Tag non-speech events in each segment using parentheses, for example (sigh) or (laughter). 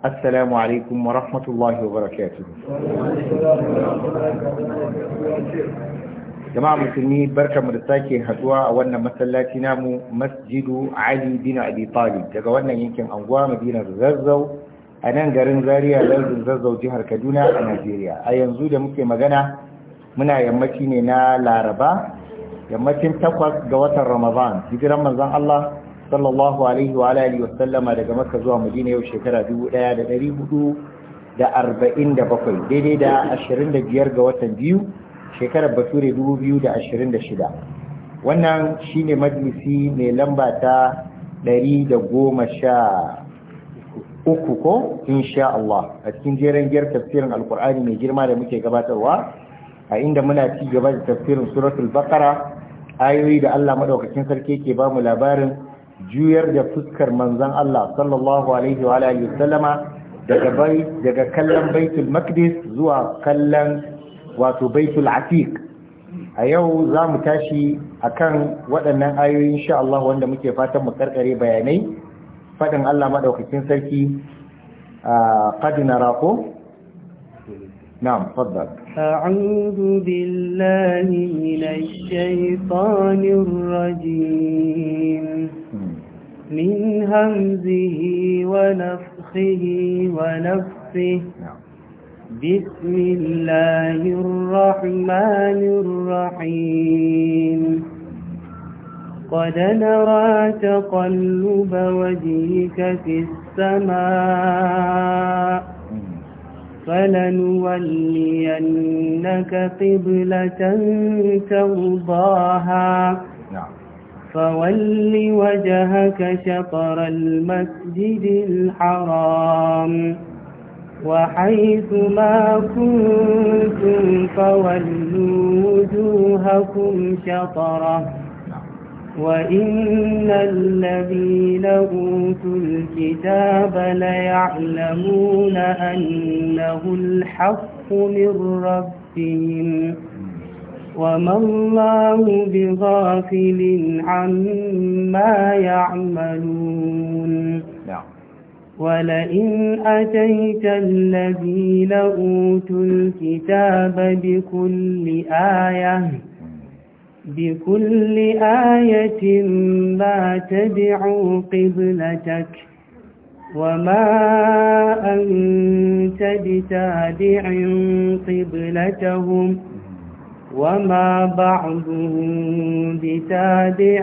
السلام عليكم ورحمة الله وبركاته جماعة مسلمي بركة مرساكي هدوى أولنا مثلا تنام مسجد علي بن أبي طالب جاوانا يمكن أنواع مدينة الزرزو أنا نقرن زاريا لازم زرزو جهر كدونا نيجيريا أيان زودة مكي مغانا منا يمتيني نا لاربا يمتين تقوى جواتا رمضان يجي رمضان الله sallallahu alaihi wa wa sallama daga maka zuwa Madina yau shekara 1447 daidai da 25 ga watan biyu shekarar Bature 2026 wannan shine majalisi mai lamba ta 110 uku ko insha Allah a cikin jeren giyar tafsirin alkur'ani mai girma da muke gabatarwa a inda muna ci gaba da tafsirin suratul baqara ayoyi da Allah madaukakin sarki yake bamu labarin juyar da fuskar manzon Allah sallallahu alaihi wa wasallama daga kallon baitul maqdis zuwa kallon wato baitul atiq a yau za mu tashi kan waɗannan ayoyin insha Allah wanda muke fatan mu karkare bayanai faɗin Allah maɗaukacin sarki a qad narako na'am faddal أعوذ بالله من الشيطان الرجيم من همزه ونفخه ونفسه نعم. بسم الله الرحمن الرحيم قد نرى تقلب وجهك في السماء فلنولينك قبلة ترضاها فول وجهك شطر المسجد الحرام وحيث ما كنتم فولوا وجوهكم شطره وإن الذين أوتوا الكتاب ليعلمون أنه الحق من ربهم وما الله بغافل عما يعملون نعم. ولئن أتيت الذين أوتوا الكتاب بكل آية بكل آية ما تبعوا قبلتك وما أنت بتابع قبلتهم وما بعضهم بتابع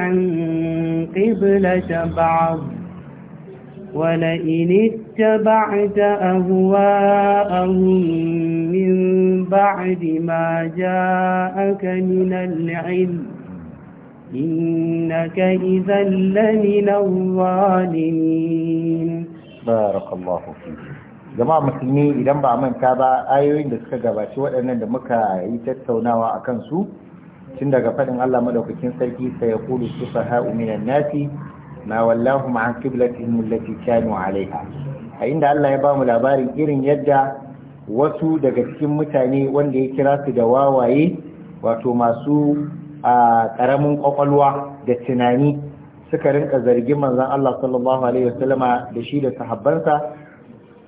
قبلة بعض ولئن اتبعت أهواءهم من بعد ما جاءك من العلم إنك إذا لمن الظالمين بارك الله jama'a musulmi idan ba manta ba ayoyin da suka gabaci waɗannan da muka yi tattaunawa a kansu tun daga faɗin Allah madaukakin sarki sai ya kulu sufaha minan nasi ma wallahu ma'an qiblatihim allati kanu alaiha a inda Allah ya ba mu labarin irin yadda wasu daga cikin mutane wanda ya kira su da wawaye wato masu a ƙaramin ƙwaƙwalwa da tunani suka rinka zargin manzon Allah sallallahu alaihi wasallama da shi da sahabbansa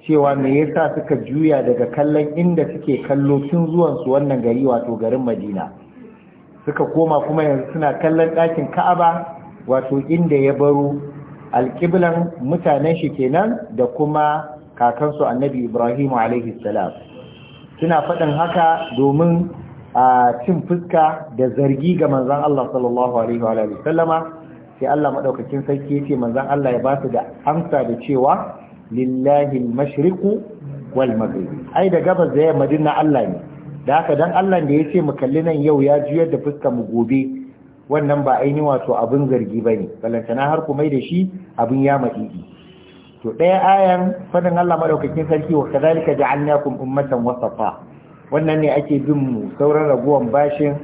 cewa me yasa suka juya daga kallon inda suke kallo tun zuwan su wannan gari wato garin madina suka koma kuma yanzu suna kallon ɗakin ka'aba wato inda ya baro alƙiblan mutanen shi kenan da kuma kakansu annabi ibrahim alaihi salam suna faɗin haka domin a cin fuska da zargi ga manzan Allah sallallahu alaihi wa sallama sai Allah madaukakin sarki yace manzon Allah ya ba su da amsa da cewa lillahi mashriku wal maghribi ai da gabas da yamma dinna Allah ne da haka dan Allah da yace mu kalli nan yau ya juyar da fuskar mu gobe wannan ba aini wato abin zargi bane balantana har ku mai da shi abin ya madidi to ɗaya ayan fadin Allah madaukakin sarki wa kadhalika ja'alnakum ummatan wasafa wannan ne ake bin mu sauran raguwan bashin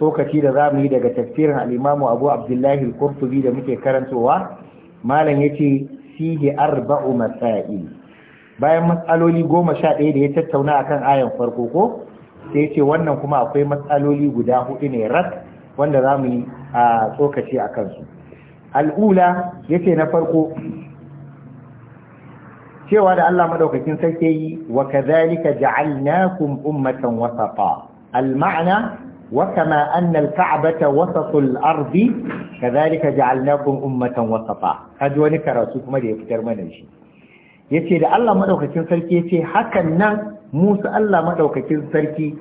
sokaci da za mu yi daga tafsirin al'imamu abu abdullahi al qurtubi da muke karantowa malam yace fihi arba'u masail bayan matsaloli goma sha ɗaya da ya tattauna akan ayan farko ko sai ce wannan kuma akwai matsaloli guda hudu ne rak wanda za mu yi a tsokaci a kansu al'ula ya ce na farko cewa da Allah maɗaukakin sarki yi wa kazalika ja'alnakum ummatan wasafa al-ma'ana وكما أن الكعبة وسط الأرض كذلك جعلناكم أمة وسطا هذا wani karatu kuma da ya fitar mana shi yace da Allah madaukakin sarki yace hakan nan Musa Allah madaukakin sarki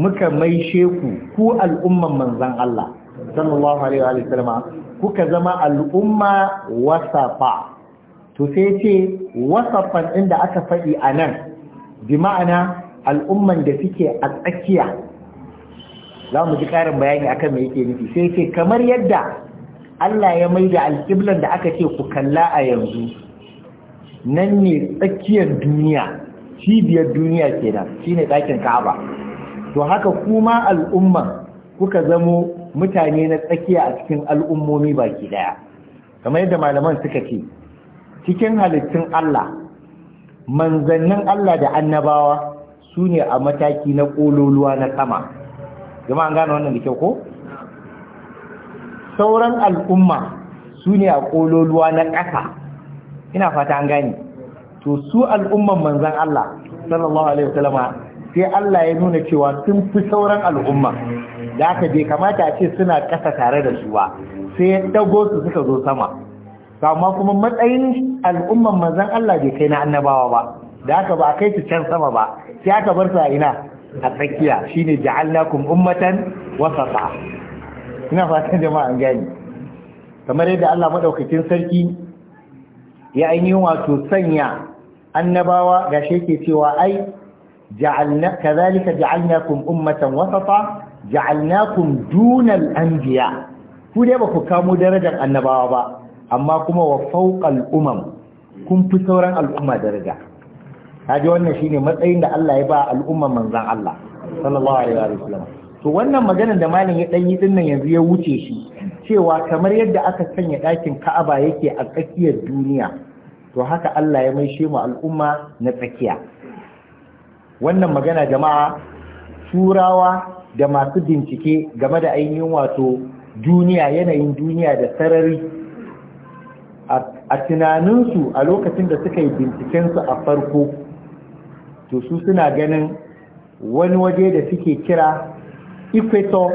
muka maishe ku ku al'umman manzon Allah sallallahu alaihi wa sallam kuka zama al'umma wasafa to sai yace ɗin da aka faɗi anan bi ma'ana al'umman da suke a tsakiya za mu ji ƙarin bayani akan me yake nufi sai ce kamar yadda Allah ya mai da alƙiblan da aka ce ku kalla a yanzu nan ne tsakiyar duniya cibiyar duniya ke nan, shi ne ɗakin Ka'aba to haka kuma al'umma kuka zamo mutane na tsakiya a cikin al'ummomi baki ɗaya? kamar yadda malaman suka ce cikin halittun Allah manzannin Allah da annabawa su ne a mataki na ƙololuwa na sama Zama an gane wannan da kyau ko sauran al'umma su ne a ƙololuwa na ƙasa ina fata an gane to su al'umman manzan Allah sallallahu alaihi wasallama sai Allah ya nuna cewa sun fi sauran al'umma da aka je kamata a ce suna ƙasa tare da su ba sai ya dago su suka zo sama amma kuma matsayin al'umman manzan Allah bai kai na annabawa ba da aka ba a kai su can sama ba sai aka bar su a ina a tsakiya shine ja'alnakum ummatan wasata ina fatan jama'a gani kamar yadda Allah madaukakin sarki ya ainihin wato sanya annabawa gashi yake cewa ai ja'alna kadhalika ja'alnakum ummatan wasata ja'alnakum dunal anbiya ku dai ba ku kamo darajar annabawa ba amma kuma wa fawqal umam kun fi sauran al'umma daraja kaji wannan shine matsayin da Allah ya ba al'umman manzan Allah sallallahu alaihi wa sallam to wannan maganar da malam ya dan yi din nan yanzu ya wuce shi cewa kamar yadda aka sanya dakin Ka'aba yake a tsakiyar duniya to haka Allah ya maishe mu al'umma na tsakiya wannan magana jama'a turawa da masu bincike game da ainihin wato duniya yanayin duniya da sarari a tunaninsu a lokacin da suka yi bincikensu a farko to su suna ganin wani waje da suke kira equator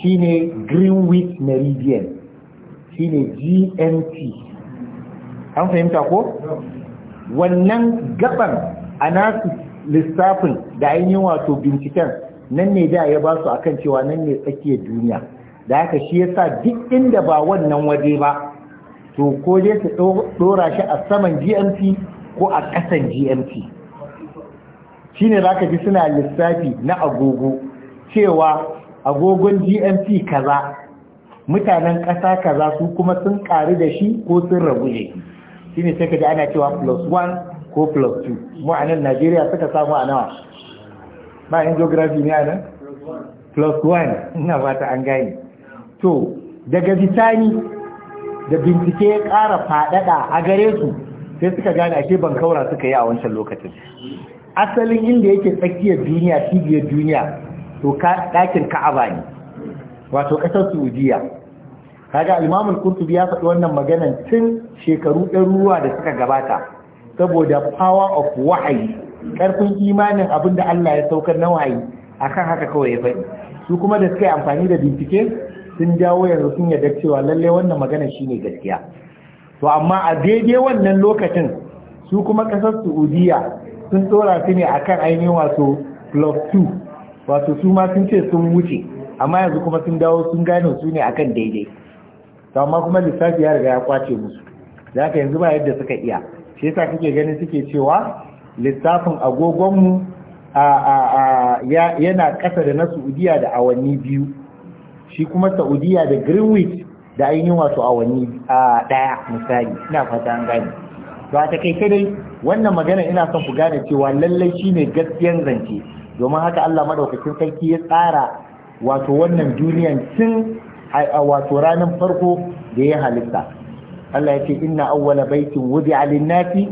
shine greenwich meridian shine gmt an fahimta ko wannan gaban a nasu lissafin da ainihin wato binciken nan ne da ya ba su kan cewa nan ne tsakiyar duniya da haka shi ya sa duk inda ba wannan waje ba to ko dai ta dora shi a saman gmt ko a ƙasan gmt shine ka ji suna lissafi na agogo cewa agogon GMT kaza mutanen ƙasa kaza su kuma sun ƙaru da shi ko sun rabu ne shi ne sai kaji ana cewa plus 1 ko plus 2 mu a nan Najeriya suka samu a nawa ba in geography ne a nan plus 1 ina fata an gane to daga bisani da bincike ya ƙara faɗaɗa a gare su sai suka gane ake bankaura kaura suka yi a wancan lokacin asalin inda yake tsakiyar duniya cibiyar duniya to ɗakin ka'aba ne wato ƙasar saudiya kaga imamul kurtubi ya faɗi wannan maganan tun shekaru ɗaruruwa da suka gabata saboda power of wahayi ƙarfin imanin abin da Allah ya saukar na wahayi akan haka kawai ya faɗi su kuma da suka yi amfani da bincike sun dawo yanzu sun yarda cewa lalle wannan magana shine gaskiya to amma a daidai wannan lokacin su kuma ƙasar saudiya sun tsora su ne akan ainihin wato block 2 wato su ma sun ce sun wuce amma yanzu kuma sun dawo sun gane su ne akan daidai amma kuma lissafi ya riga ya kwace musu za ka yanzu ba yadda suka iya shi yasa kake ganin suke cewa lissafin agogonmu yana kasa da na saudiya da awanni biyu shi kuma saudiya da greenwich da ainihin wato awanni daya, misali ina fata an gani ba ta kai dai wannan magana ina son ku gane cewa lallai shi ne gaskiyan zance domin haka Allah madaukakin sarki ya tsara wato wannan duniyan tun wato ranar farko da ya halitta Allah ya ce inna awwala baitin wudi'a lin-nasi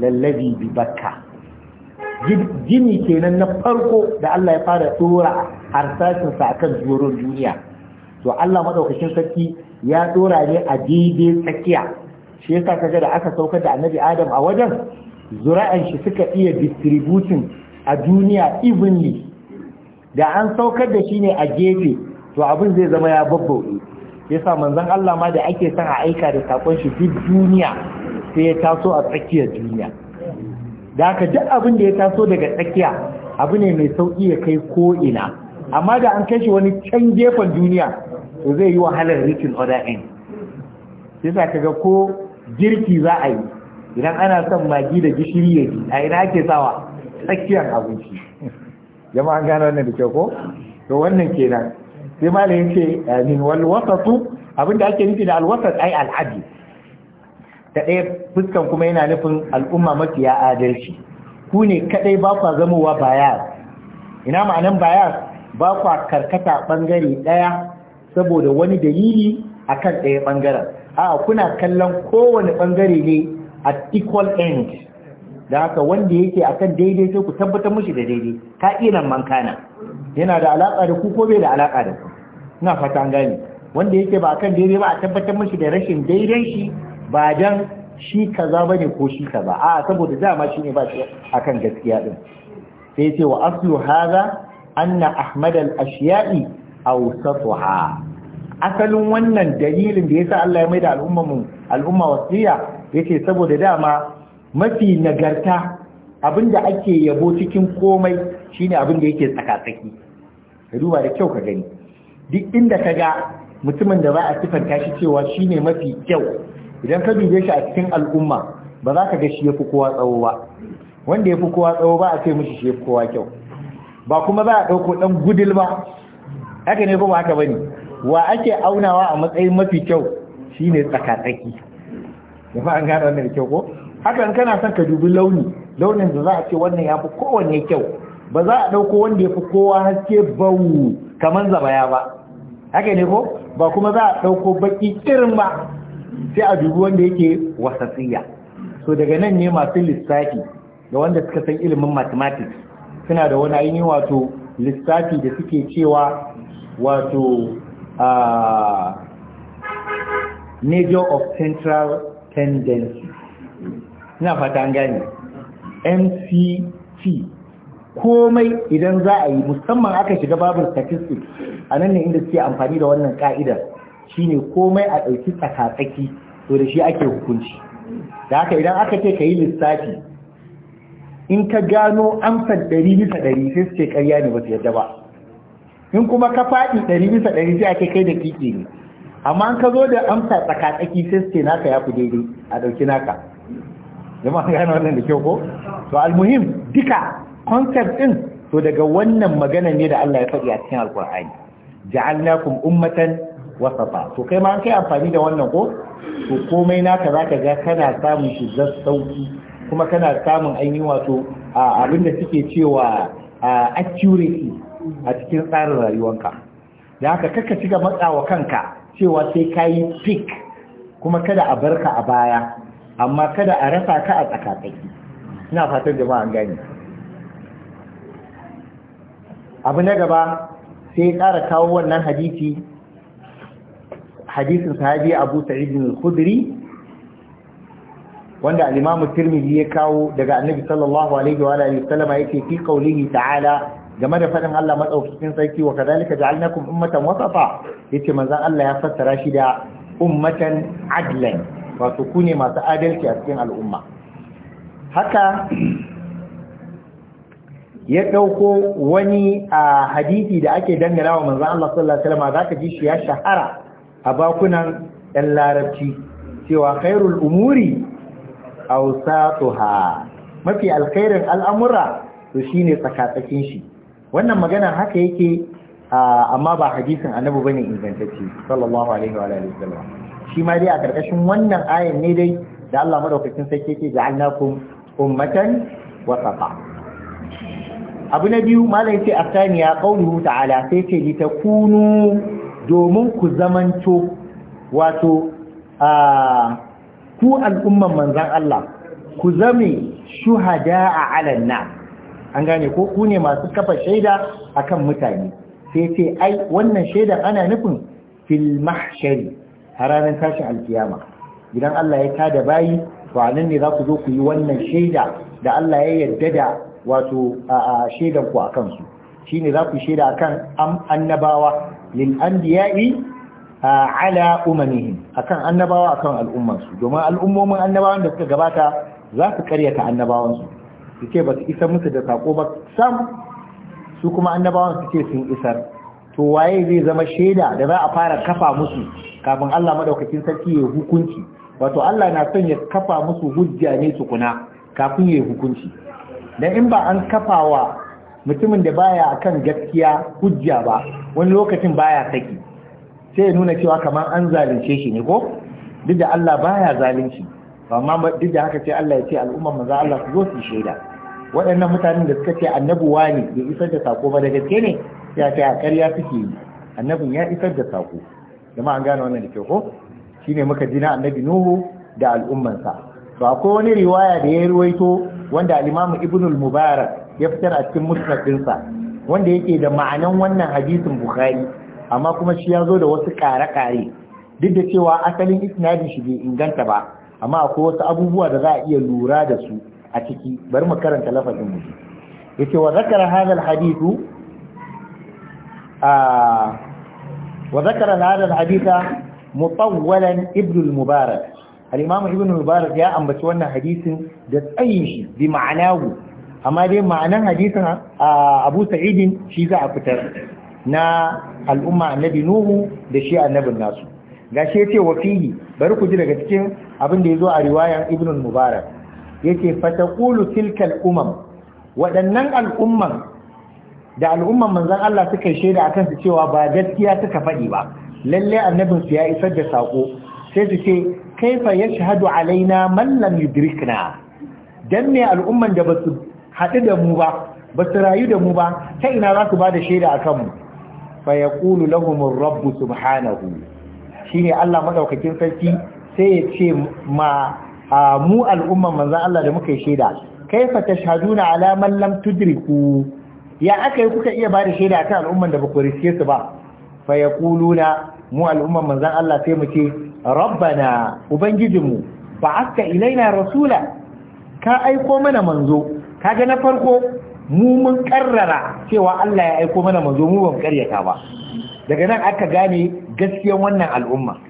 lallabi bi bakka gini kenan na farko da Allah ya fara tsora harsashin sa akan zuwaron duniya to Allah madaukakin sarki ya tsora ne a daidai tsakiya shi yasa kaga da aka saukar da annabi adam a wajen zura'an shi suka iya distributing a duniya evenly da an saukar da shi ne a gefe to abin zai zama ya babbauɗe yasa manzon Allah ma da ake son a aika da sakon shi duk duniya sai ya taso a tsakiyar duniya da aka duk abin da ya taso daga tsakiya abu ne mai sauki ya kai ko ina amma da an kai shi wani can gefen duniya to zai yi wahalar rikin other end sai sa kaga ko girki za a yi idan ana son magi da gishiri ya ji a ina ake sawa tsakiyar abinci an gano wannan da ke ko to wannan kenan sai malam yace min wal Abin abinda ake nufi da al wasat ai al adl ta ɗaya fuskan kuma yana nufin al'umma mafiya adalci ku ne kadai ba kwa zamowa bayar? ina ma'anan bayar ba kwa karkata bangare ɗaya saboda wani dalili akan ɗaya bangaren a kuna kallon kowane bangare ne a equal end da haka wanda yake akan daidai sai ku tabbatar mushi da daidai ka ina mankana yana da alaka da ku ko bai da alaka da ku ina fata an gane wanda yake ba akan daidai ba a tabbatar mushi da rashin daidai shi ba dan shi kaza bane ko shi kaza a saboda dama shine ba shi akan gaskiya din sai ce wa aslu hadha anna ahmad al-ashya'i awsatuha asalin wannan dalilin da ya sa Allah ya mai al'umma al'ummanmu al'umma wasiya ce saboda dama mafi nagarta abinda ake yabo cikin komai shine abin da yake tsakatsaki ka duba da kyau ka gani duk inda ka ga mutumin da ba a sifanta shi cewa shine mafi kyau idan ka dube shi a cikin al'umma ba za ka ga shi yafi kowa tsawo ba wanda yafi kowa tsawo ba a ce mishi shi yafi kowa kyau ba kuma za a ɗauko ɗan gudul ba haka ne ba haka bane wa ake aunawa a matsayin mafi kyau shine tsakatsaki yafa an gane wannan kyau ko hakan kana son ka dubi launi launin da za a ce wannan ya fi kowanne kyau ba za a ɗauko wanda ya fi kowa haske bau kamar zabaya ba haka ne ko ba kuma za a ɗauko baƙi irin ba sai a dubi wanda yake wasatsiya so daga nan ne masu lissafi da wanda suka san ilimin mathematics suna da wani ainihin wato lissafi da suke cewa wato uh, of central tendency ina fata an mct komai idan za a yi musamman aka shiga babin statistics a nan ne inda suke amfani da wannan ka'idar shine komai a ɗauki tsakatsaki to da shi ake hukunci da haka idan aka ce ka yi lissafi in ka gano amsar ɗari bisa ɗari sai suke karya ne ba su yadda ba in kuma ka faɗi ɗari bisa ɗari sai ake kai da kiki ne amma an ka zo da amsa tsakatsaki sai ce naka ya fi daidai a ɗauki naka zama an gane wannan da kyau ko to almuhim duka concept ɗin to daga wannan magana ne da Allah ya faɗi a cikin alkur'ani ja'alnakum ummatan wasafa to kai ma an kai amfani da wannan ko to komai naka zaka ga kana samun shi sauki kuma kana samun an yi wato abinda suke cewa accuracy a cikin tsarin rayuwanka da haka kaka ci matsa wa kanka cewa sai ka yi fik kuma kada a barka a baya amma kada a rasa ka a tsakatsaki ina fatan jama'a an gani abu na gaba sai ya kawo wannan hadisi hadisin sahabi abu sa'idin al-khudri wanda al-imam tirmidhi ya kawo daga annabi sallallahu alaihi wa alihi yake fi qawlihi ta'ala game da fadin Allah madaukakin sarki wa kadhalika ja'alnakum ummatan wasata yace manzon Allah ya fassara shi da ummatan adlan wato ku ne masu adalci a cikin al'umma haka ya dauko wani a hadisi da ake dangarawa wa manzon Allah sallallahu alaihi wasallam zaka ji shi ya shahara a bakunan ɗan larabci cewa khairul umuri awsatuha mafi alkhairin al'amura to shine tsakatsakin shi wannan magana haka yake amma ba hadisin annabi bane ingantacce sallallahu alaihi wa alihi wasallam shi ma dai a karkashin wannan ayan ne dai da Allah madaukakin sarki yake ja'alnakum ummatan safa abu na biyu malai ce asaniya qauluhu ta'ala sai ce takunu domin ku zamanto wato ku al'umman manzan Allah ku zame shuhada a alanna an gane ko ku ne masu kafa shaida akan mutane sai ce ai wannan shaidan ana nufin fil mahshari a ranar tashin alkiyama idan Allah ya tada bayi to a nan ne za ku zo ku yi wannan shaida da Allah ya yarda da wato shaidan ku akan su shine za ku shaida akan annabawa lil anbiya'i ala umamihim akan annabawa akan al'ummansu domin al'ummomin annabawan da suka gabata za su karyata annabawansu su ce ba su isar musu da sako ba sam su kuma annabawan su ce sun isar to waye zai zama shaida da za a fara kafa musu kafin Allah madaukakin sarki ya hukunci wato Allah na son ya kafa musu hujja ne tukuna kafin ya hukunci dan in ba an wa mutumin da baya akan gaskiya hujja ba wani lokacin baya saki sai ya nuna cewa kamar an zalunce shi ne ko duk da Allah baya zalunci amma duk da haka sai Allah ya ce al'umma maza Allah su zo su shaida waɗannan mutanen da suka ce wa ne bai isar da sako ba da gaske ne ya ce a ƙarya suke yi annabin ya isar da sako jama an gane wannan da ke ko Shi ne muka jina na annabi nuhu da al'ummansa ba akwai wani riwaya da ya ruwaito wanda alimamu Ibnul mubarak ya fitar a cikin musnad ɗinsa wanda yake da ma'anan wannan hadisin bukhari amma kuma shi ya zo da wasu kare-kare duk da cewa asalin isnadin shi bai inganta ba amma akwai wasu abubuwa da za a iya lura da su a ciki bari mu karanta lafazin mu yace wa zakara hadal hadithu wa zakara hadal alhaditha mutawwalan al Mubarak. al-imam al-mubarak ya ambaci wannan hadisin da tsayin shi bi ma'anahu amma dai ma'anan hadisin Abu Sa'id shi za a fitar na al'umma annabi Nuhu da shi annabin nasu gashi yace wa fihi bari ku ji daga cikin abin da yazo a riwayan ibnu al-mubarak yace Kulu tilkal umam waɗannan al'umman da al'umman manzon Allah suka yi shaida akan su cewa ba gaskiya suka faɗi ba lalle annabin su ya isar da sako sai su ce kaifa yashhadu alaina mallam yudrikna dan ne al'umman da basu haɗu da mu ba basu rayu da mu ba ta ina za su ba da shaida a mu fa yaqulu lahumur rabb subhanahu shine Allah maɗaukakin sarki sai ya ce ma a mu al'umman manzan Allah da muka yi shaida kai fata shahadu na lam tudriku ya aka yi kuka iya bada shaida akan al'umman da baku riske su ba fa na mu al'umman manzan Allah sai mu ce rabbana ubangijinmu ba'atka ilaina rasula ka aiko mana manzo Ka ga na farko mu mun karrara cewa Allah ya aiko mana manzo mu ban karyata ba daga nan aka gane gaskiyan wannan al'umma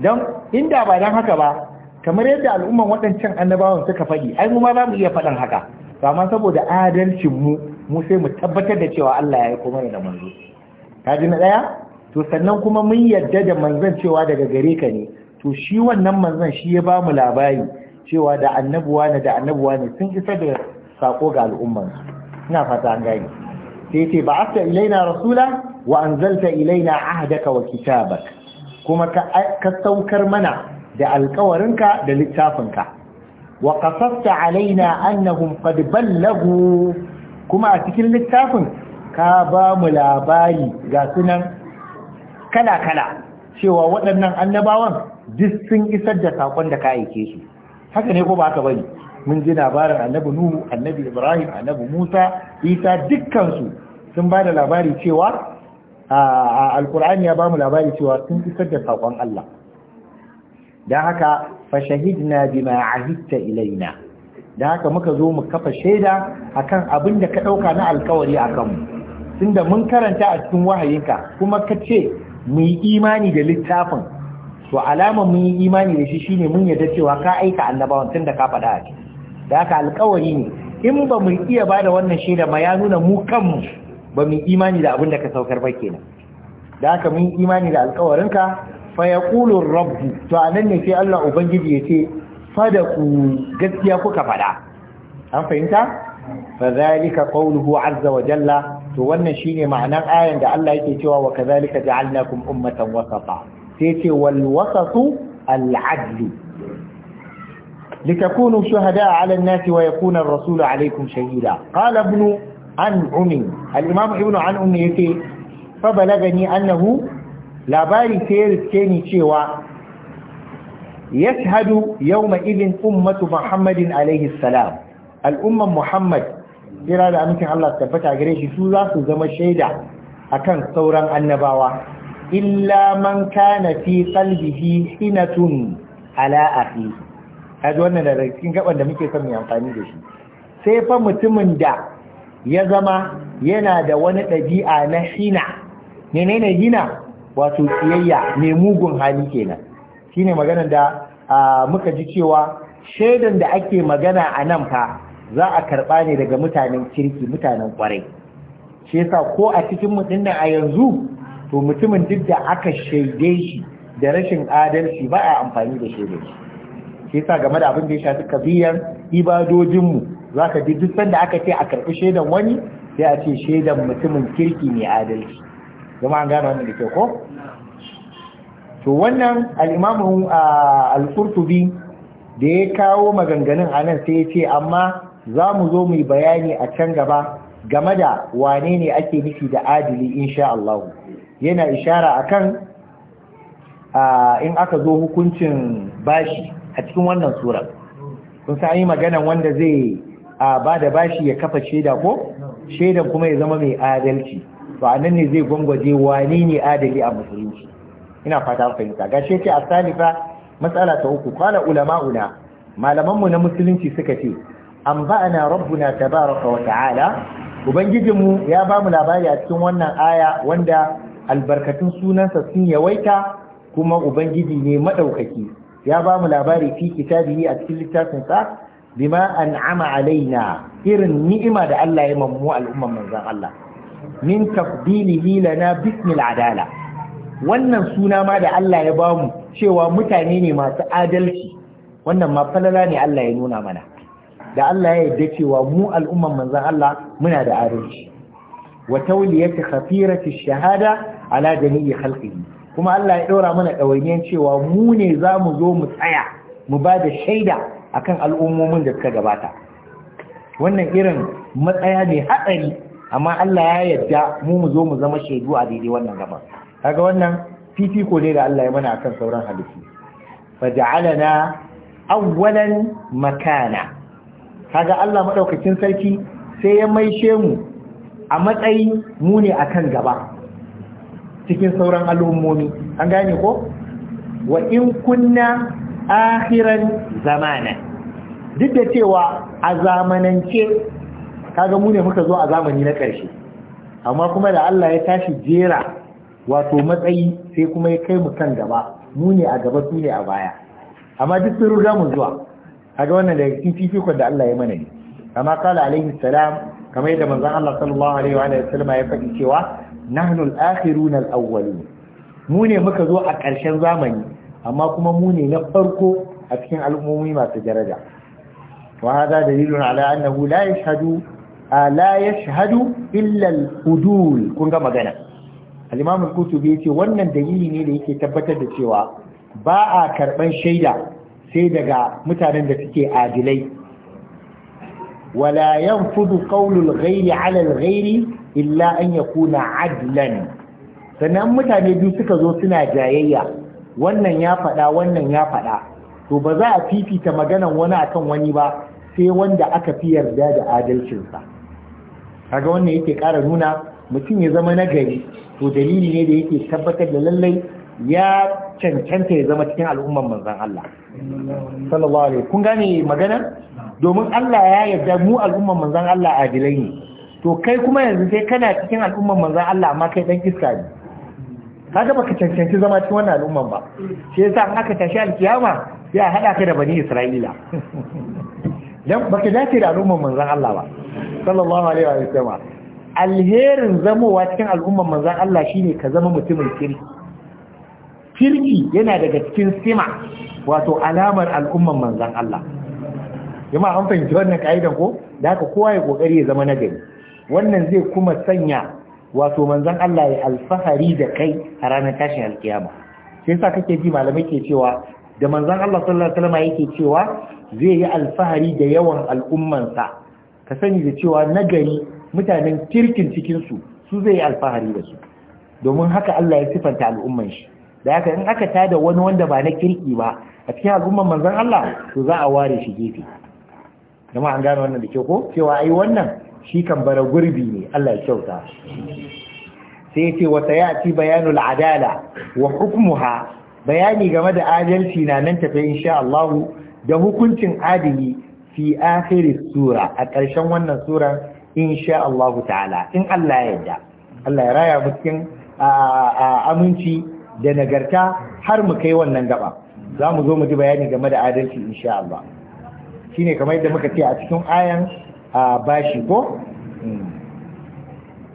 don inda ba don haka ba kamar yadda al'umman waɗancan annabawan suka faɗi ai mu ma za mu iya faɗin haka amma saboda adalcin mu mu sai mu tabbatar da cewa Allah ya yi mana da manzo ka ji na ɗaya to sannan kuma mun yarda da manzon cewa daga gare ka ne to shi wannan manzon shi ya ba mu labari cewa da annabuwa ne da annabuwa ne sun isa da sako ga al'umman ina fata an gane sai ce ba asta ilaina rasula wa anzalta ilaina ahdaka wa kitabak kuma ka saukar mana da alkawarinka da littafinka wa qasasta alaina annahum qad ballagu kuma a cikin littafin ka ba mu labari ga sunan kala kala cewa waɗannan annabawan duk sun isar da sakon da ka aike su haka ne ko ba haka bane mun ji labarin annabi nuhu annabi ibrahim annabi musa isa dukkansu sun ba da labari cewa a alkur'ani ya ba mu labari cewa sun isar da sakon allah da haka fa shahidna bima ahidta ilaina da haka muka zo mu kafa shaida akan abin da ka dauka na alkawari akan mu tunda mun karanta a cikin wahayinka kuma ka ce mu yi imani da littafin to alama mun yi imani da shi shine mun yarda cewa ka aika annabawan tunda ka faɗa a da haka alkawari ne in ba mu iya ba da wannan shaida ma ya nuna mu kanmu ba mu imani da abin da ka saukar ba kenan da haka mun imani da alkawarinka fa rabbu to anan ne sai Allah ubangiji yace fadaku gaskiya kuka fada an fahimta fa zalika qawluhu azza wa jalla to wannan shine ma'anar ayan da Allah yake cewa wa kadhalika ja'alnakum ummatan wasata sai ce wal wasatu al adl litakunu shuhada 'ala an-nas wa yakuna ar-rasulu 'alaykum shahida qala ibn an umi al-imam ibn an umi yake fa balagani annahu labari sai ya riske ni cewa yashhadu yawma idin ummatu muhammadin alaihi salam al'umman muhammad jira da amincin Allah tabbata gare shi su za su zama shaida akan sauran annabawa illa man kana fi qalbihi hinatun ala akhi wannan da cikin gaban da muke son mu amfani da shi sai fa mutumin da ya zama yana da wani ɗabi'a na hina menene hina wato Tsiyayya mai mugun hali kenan shine maganar da muka ji cewa shaidan da ake magana a nan fa za a karɓa ne daga mutanen kirki mutanen kwarai shi yasa ko a cikin mutum a yanzu to mutumin duk da aka shaide shi da rashin adalci ba a amfani da shaidan shi shi yasa game da abin da ya shafi kabiyan ibadojin mu zaka ji duk sanda aka ce a karbi shaidan wani sai a ce shaidan mutumin kirki mai adalci zama an gane wannan da ke ko to wannan al'imamu al da ya kawo maganganun a nan sai ya ce amma za mu zo mu bayani a can gaba game da wane ne ake nufi da adili insha Allah yana ishara a kan in aka zo hukuncin bashi a cikin wannan tsoron sun sa yi maganan wanda zai ba da bashi ya kafa shaida ko shaidan kuma ya zama mai adalci to anan ne zai gwangwaje wani ne adali a musulunci ina fata fahimta gashi ce a salifa matsala ta uku qala ulama'una malamanmu na musulunci suka ce an ba'ana rabbuna tabaraka wa ta'ala ubangijinmu ya ba mu labari a cikin wannan aya wanda albarkatun sunansa sun yawaita kuma ubangiji ne madaukaki ya ba mu labari fi kitabihi a cikin littafin sa bima an'ama alaina irin ni'ima da Allah ya mamu al'umman manzon Allah min tafdilihi lana bismil adala wannan suna ma da Allah ya bamu cewa mutane ne masu adalci wannan ma falala ne Allah ya nuna mana da Allah ya yarda cewa mu al'umman manzon Allah muna da adalci wa tawliyati khafirati shahada ala jami'i khalqihi kuma Allah ya daura mana dawainiyan cewa mu ne zamu zo mu tsaya mu ba da shaida akan al'ummomin da suka gabata wannan irin matsaya ne hatsari amma Allah ya yarda mu mu zo mu zama shaidu a daidai wannan gaba kaga wannan ko ne da Allah ya mana akan sauran halittu faj'alana awwalan makana kaga Allah madaukakin sarki sai ya maishe mu a matsayi mu ne akan gaba cikin sauran al'ummomi an gane ko wa in kunna akhiran zamana duk da cewa a zamanance kaga mu ne muka zo a zamani na ƙarshe amma kuma da Allah ya tashi jera wato matsayi sai kuma ya kai mu kan gaba mu ne a gaba su ne a baya amma duk sun riga mu zuwa kaga wannan da cikin fifikon da Allah ya mana ne amma kala alaihi salam kamar yadda manzon Allah sallallahu alaihi wa sallam ya faɗi cewa nahnu al-akhirun al-awwalun mu ne muka zo a ƙarshen zamani amma kuma mu ne na farko a cikin al'ummomi masu daraja wa hada dalilun ala annahu la yashhadu la ya shahadu illal hudul kun ga magana al-imam al-qutubi yace wannan dalili ne da yake tabbatar da cewa ba a karban shaida sai daga mutanen da suke adilai wala yanfudu qawlu al-ghayri ala al-ghayri illa an yakuna adlan sannan mutane biyu suka zo suna jayayya wannan ya faɗa wannan ya faɗa to ba za a fifita maganan wani akan wani ba sai wanda aka fi yarda da adalcinsa kaga wannan yake ƙara nuna mutum ya zama nagari to dalili ne da yake tabbatar da lallai ya cancanta ya zama cikin al'umman manzan Allah sallallahu alaihi kun gane magana domin Allah ya yarda mu al'umman manzan Allah adilai ne to kai kuma yanzu sai kana cikin al'umman manzan Allah amma kai dan iska ne kaga baka cancanci zama cikin wannan al'umman ba shi yasa an aka tashi alkiyama sai a hada ka da bani Isra'ila (laughs) dan baka dace da al'umman manzan Allah ba sallallahu alaihi wa alherin zamowa cikin al'umman manzon Allah shine ka zama mutumin kirki kirki yana daga cikin sima wato alamar al'ummar manzan Allah jama'a an fahimci wannan ka'idan ko da haka kowa ya kokari ya zama nagari wannan zai kuma sanya wato manzan Allah ya alfahari da kai a ranar tashin alkiyama sai sa kake ji malamai ke cewa da manzan Allah sallallahu alaihi yake cewa zai yi alfahari da yawan al'ummansa ka sani da cewa nagari mutanen kirkin cikinsu su zai yi alfahari da su domin haka Allah ya sifanta al'umman shi da haka in aka tada wani wanda ba na kirki ba a cikin al'umman manzon Allah to za a ware shi gefe jama'a an gane wannan da ke ko cewa ai wannan shi kan bara gurbi ne Allah ya kyauta sai ya ce wa sayati bayanul adala wa hukmuha bayani game da adalci na nan tafi insha Allah da hukuncin adili fi akhiri sura a ƙarshen wannan sura insha Allah ta'ala in Allah ya yarda Allah ya raya mu cikin aminci da nagarta har mu kai wannan gaba za mu zo mu ji bayani game da adalci insha Allah shine kamar yadda muka ce a cikin ayan bashi ko hmm.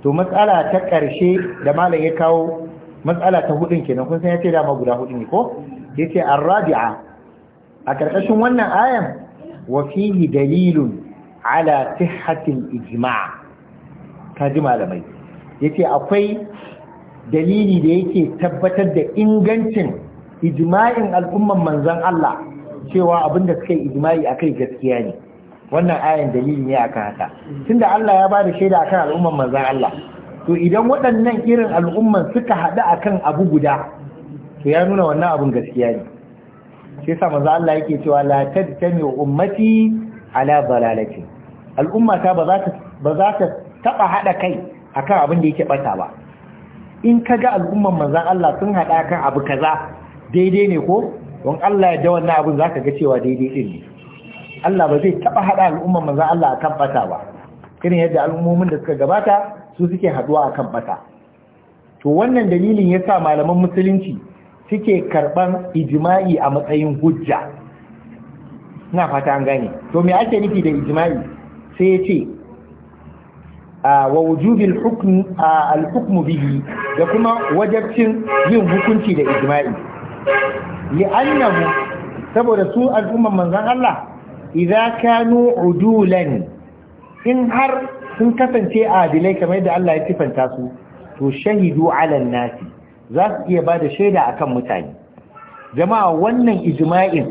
to matsala ta ƙarshe da malam ya kawo matsala ta hudun kenan kun san ya ce dama guda hudu ne ko yace ar-rabi'a a karkashin wannan ayan وفيه دليل على صحة الإجماع كذي malamai yace akwai dalili da yake tabbatar da ingancin ijma'in al'umman manzon Allah cewa abinda suka yi ijma'i akai gaskiya ne wannan ayan dalili ne akan haka tunda Allah ya bada shaida akan al'umman manzan Allah to idan waɗannan irin al'umman suka haɗu akan abu guda to ya nuna wannan abun gaskiya ne shi yasa manzo Allah yake cewa la tadtami ummati ala dalalati al'umma ta ba za ta ba za ta taba hada kai akan abin da yake bata ba in kaga al'umman maza Allah sun hada kan abu kaza daidai ne ko don Allah ya da wannan abin zaka ga cewa daidai din ne Allah ba zai taba hada al'umman maza Allah akan bata ba irin yadda al'ummomin da suka gabata su suke haduwa akan bata to wannan dalilin yasa malaman musulunci suke karban ijima'i a matsayin hujja ina fata an gane to me ake nufi da ijima'i? sai ya ce wa wujubil al hukmu bihi da kuma wajabcin yin hukunci da ijma'i annahu saboda su al'umman manzan Allah idza kanu udulan in har sun kasance adilai kamar yadda Allah ya tifanta su to shahidu ala nasi za su iya ba da shaida kan mutane jama'a wannan ijma'in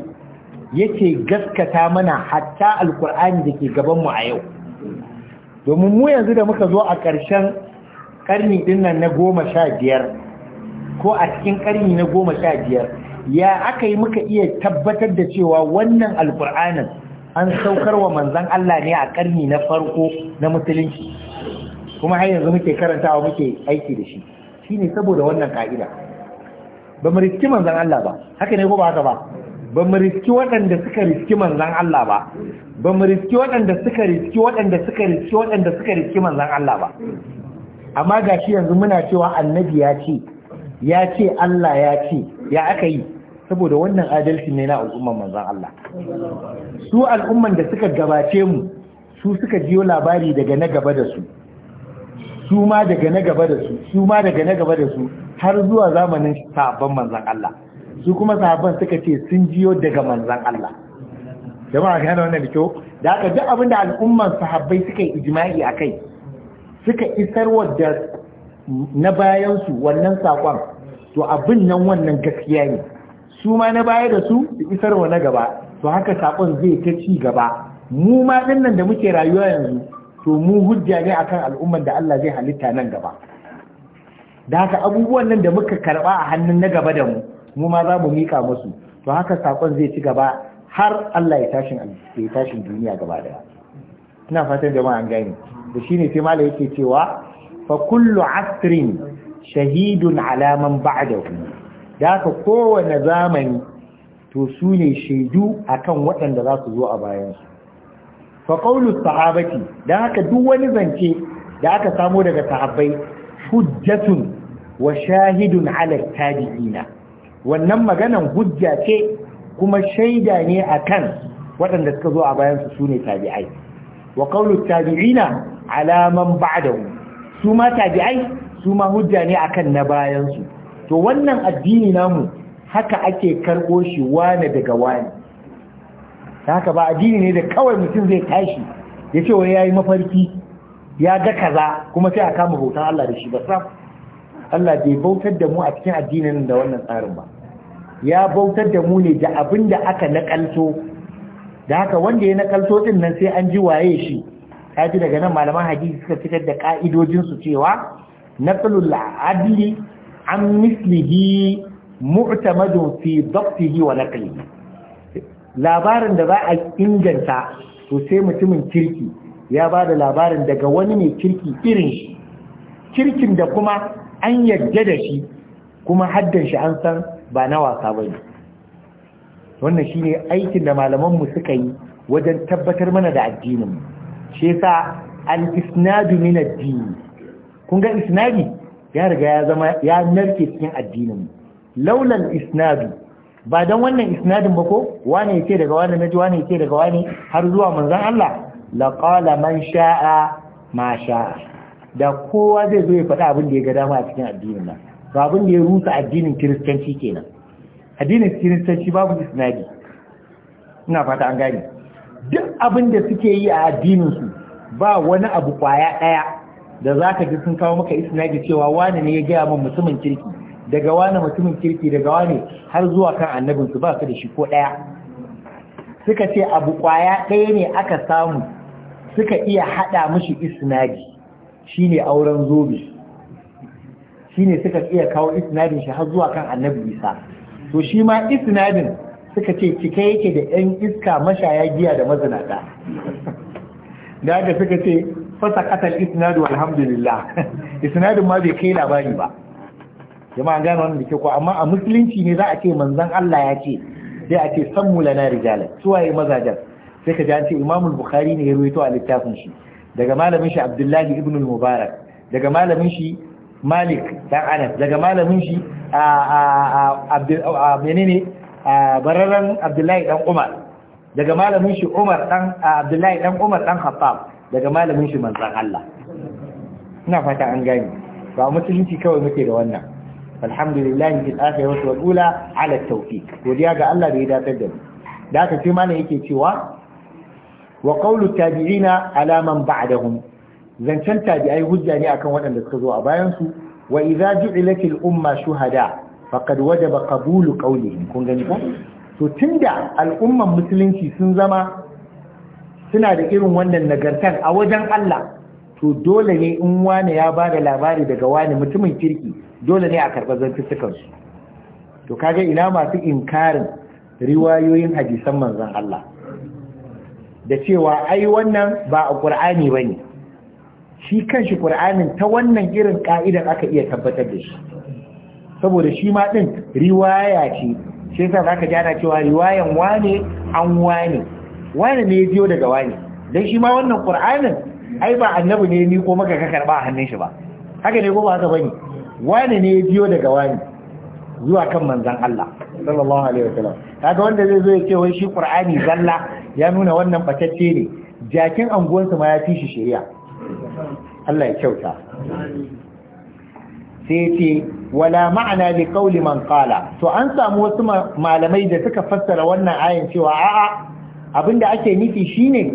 yake gaskata mana hatta alkur'ani da ke gabanmu a yau domin mu yanzu da muka zo a ƙarshen ƙarni dinnan na goma sha biyar ko a cikin ƙarni na goma sha biyar ya aka yi muka iya tabbatar da cewa wannan alkur'anin an saukar wa manzan Allah ne a ƙarni na farko na musulunci kuma har yanzu muke karantawa muke aiki da shi ne saboda wannan ka'ida ba mu riski manzan Allah ba haka ne ko ba haka ba ba mu riski waɗanda suka riski manzan Allah ba ba mu riski waɗanda suka riski waɗanda suka riski waɗanda suka riski manzan Allah ba amma gashi yanzu muna cewa annabi ya ce ya ce Allah ya ce ya aka yi saboda wannan adalci ne na al'umman manzan Allah su al'umman da suka gabace mu su suka jiyo labari daga na gaba da su su ma daga na gaba da su su ma daga na gaba da su har zuwa zamanin sahabban manzan Allah su kuma sahabban suka ce sun jiyo daga manzan Allah jama'a ga wannan da kyau da aka duk abinda al'umman sahabbai suka yi ijma'i a kai suka isar wadda na bayansu wannan saƙon to abin nan wannan gaskiya ne su ma na baya da su su isar wa na gaba to haka saƙon zai ta ci gaba mu ma nan da muke rayuwa yanzu to mu hujja ne akan al'umman da Allah zai halitta nan gaba da haka abubuwan nan da muka karba a hannun na gaba da mu mu ma za mu mika musu to haka sakon zai ci gaba har Allah ya tashin ya tashin duniya gaba daya ina fatan jama'a an gane da shine sai malai yake cewa fa kullu asrin shahidun ala man ba'dahu da haka kowane zamani to su ne shaidu akan waɗanda za su zo a bayansu fa sa'abati sahabati dan haka duk wani zance da aka samo daga sahabbai hujjatun wa shahidun ala tabi'ina wannan maganan hujja ce kuma shaida ne akan waɗanda suka zo a bayansu su sune tabi'ai wa na tabi'ina ala man ba'dahu su ma tabi'ai su ma hujja ne akan na bayansu, to wannan addini namu haka ake karɓo shi wane daga wane da haka ba addini ne da kawai mutum zai tashi ya ce wai ya yi mafarki ya ga kaza kuma sai a kama hoton Allah da shi ba sa Allah bai bautar da mu a cikin addinin da wannan tsarin ba ya bautar da mu ne da abin da aka nakalto da haka wanda ya nakalto din nan sai an ji waye shi Ta ji daga nan malaman hadisi suka fitar da ka'idojin su cewa naqlul adli an mislihi mu'tamadun fi dhabtihi wa naqlihi labarin da za a inganta to sai mutumin kirki ya ba da labarin daga wani mai kirki irin shi kirkin da kuma an yarda da shi kuma haddan shi an san ba na wasa ba ne wannan shi ne aikin da malamanmu suka yi wajen tabbatar mana da addininmu shi yasa al-isnadu min addini kun ga isnadi ya riga ya zama ya narke cikin addininmu Laulan isnadu ba don wannan isnadin ba ko wane yake daga wane naji wane yake daga wane har zuwa manzon Allah la qala man sha'a ma sha'a da kowa zai zo ya faɗa abin da ya ga dama a cikin addinin nan ba abin da ya rusa addinin kiristanci kenan addinin kiristanci babu isnadi ina fata an gane duk abin da suke yi a addinin su ba wani abu kwaya daya da zaka ji sun kawo maka isnadi cewa wani ne ya gaya min mutumin kirki daga wani mutumin kirki daga wani har zuwa kan annabinsu ba su da shi ko ɗaya suka ce abu kwaya ɗaya ne aka samu suka iya haɗa mushi isnadi shine auren zobe shine suka iya kawo isnadin shi har zuwa kan annabi isa to shi ma isnadin suka ce cike yake da 'yan iska mashaya giya da mazinata (laughs) da haka suka ce fasa katal isnadu alhamdulillah (laughs) isnadin ma bai kai labari ba jama'a gane wannan da ke ko amma a musulunci ne za a ce manzon Allah ya ce sai a ce sammu lana rijalan suwaye mazajen sai ka ji an ce Imam Bukhari ne ya ruwaito a littafin shi daga malamin shi Abdullahi ibn mubarak daga malamin shi Malik dan Anas daga malamin shi a a menene bararran Abdullahi dan Umar daga malamin shi Umar dan Abdullahi dan Umar dan Khattab daga malamin shi manzon Allah ina fata an gani ba musulunci kawai muke da wannan alhamdulillah fil akhirati wal ula ala tawfiq godiya ga Allah da ya dace da mu da aka ce mana yake cewa wa qawlu tabi'ina ala man ba'dahum zancen tabi'ai hujja ne akan waɗanda suka zo a bayan su wa idza ju'ilatil umma shuhada faqad wajaba qabulu qawlihim kun gani ko to tunda al'umman musulunci sun zama suna da irin wannan nagartar a wajen Allah to dole ne in wani ya ba da labari daga wani mutumin kirki dole ne a karɓar su. to kaga ina masu inkarin riwayoyin hadisan manzan Allah da cewa ai wannan ba a ƙur'ani ba ne shi shi ƙur'anin ta wannan irin ƙa'idan aka iya tabbatar da shi saboda shi ma ɗin riwaya ce shi yasa za ka jana cewa riwayan wane an wane wane ne ya biyo daga wane don shi ma wannan ƙur'anin ai ba annabi ne ni ko maka ka karɓa a hannun shi ba haka ne ko ba haka bane wani ne ya biyo daga wani zuwa kan manzan Allah sallallahu alaihi wasallam kaga wanda zai zo ya ce wai shi qur'ani zalla ya nuna wannan batacce ne jakin sa ma ya fi shi shari'a Allah ya kyauta sai ce wala ma'ana li qawli man qala to an samu wasu malamai da suka fassara wannan ayin cewa a'a abinda ake nufi shine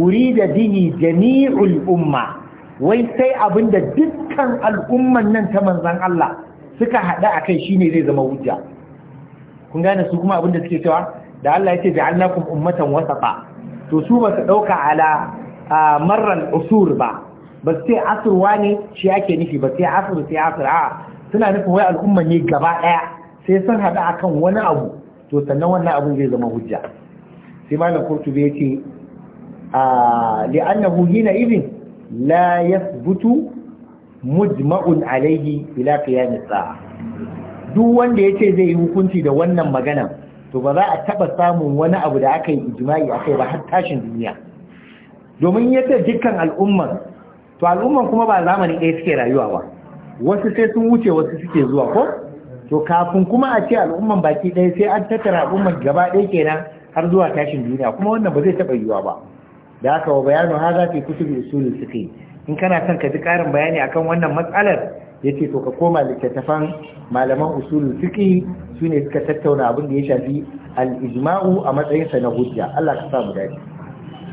urida dini jami'ul umma wai sai abin da dukkan al'umman nan ta manzan Allah suka haɗa a kai shine zai zama hujja kun gane su kuma abin da suke cewa da Allah ya ce nakun ummatan wasafa to su ba su ɗauka ala marar usur ba ba su ce asurwa ne shi ake nufi ba sai asur sai asur suna nufin wai al'umma ne gaba ɗaya sai sun a akan wani abu to sannan wannan abin zai zama hujja sai malam kurtubi ya ce li'annahu hina izin? لا يثبت mujma'un alaihi ila قيام duk wanda ya ce zai yi hukunci da wannan magana to ba za a taba samun wani abu da aka yi ijma'i akai ba har tashin duniya domin yace dukkan al'umman to al'umman kuma ba zamanin ɗaya suke rayuwa ba wasu sai sun wuce wasu suke zuwa ko to kafin kuma a ce al'umman baki ɗaya sai an tattara al'umman gaba ɗaya kenan har zuwa tashin duniya kuma wannan ba zai taɓa yiwuwa ba da haka wa bayanu haza fi kutubi in kana son ka ji karin bayani akan wannan matsalar yace to ka koma littattafan malaman usulul fiqh sune suka tattauna abin da ya shafi al-ijma'u a matsayin sa na hujja Allah ka sa mu Ya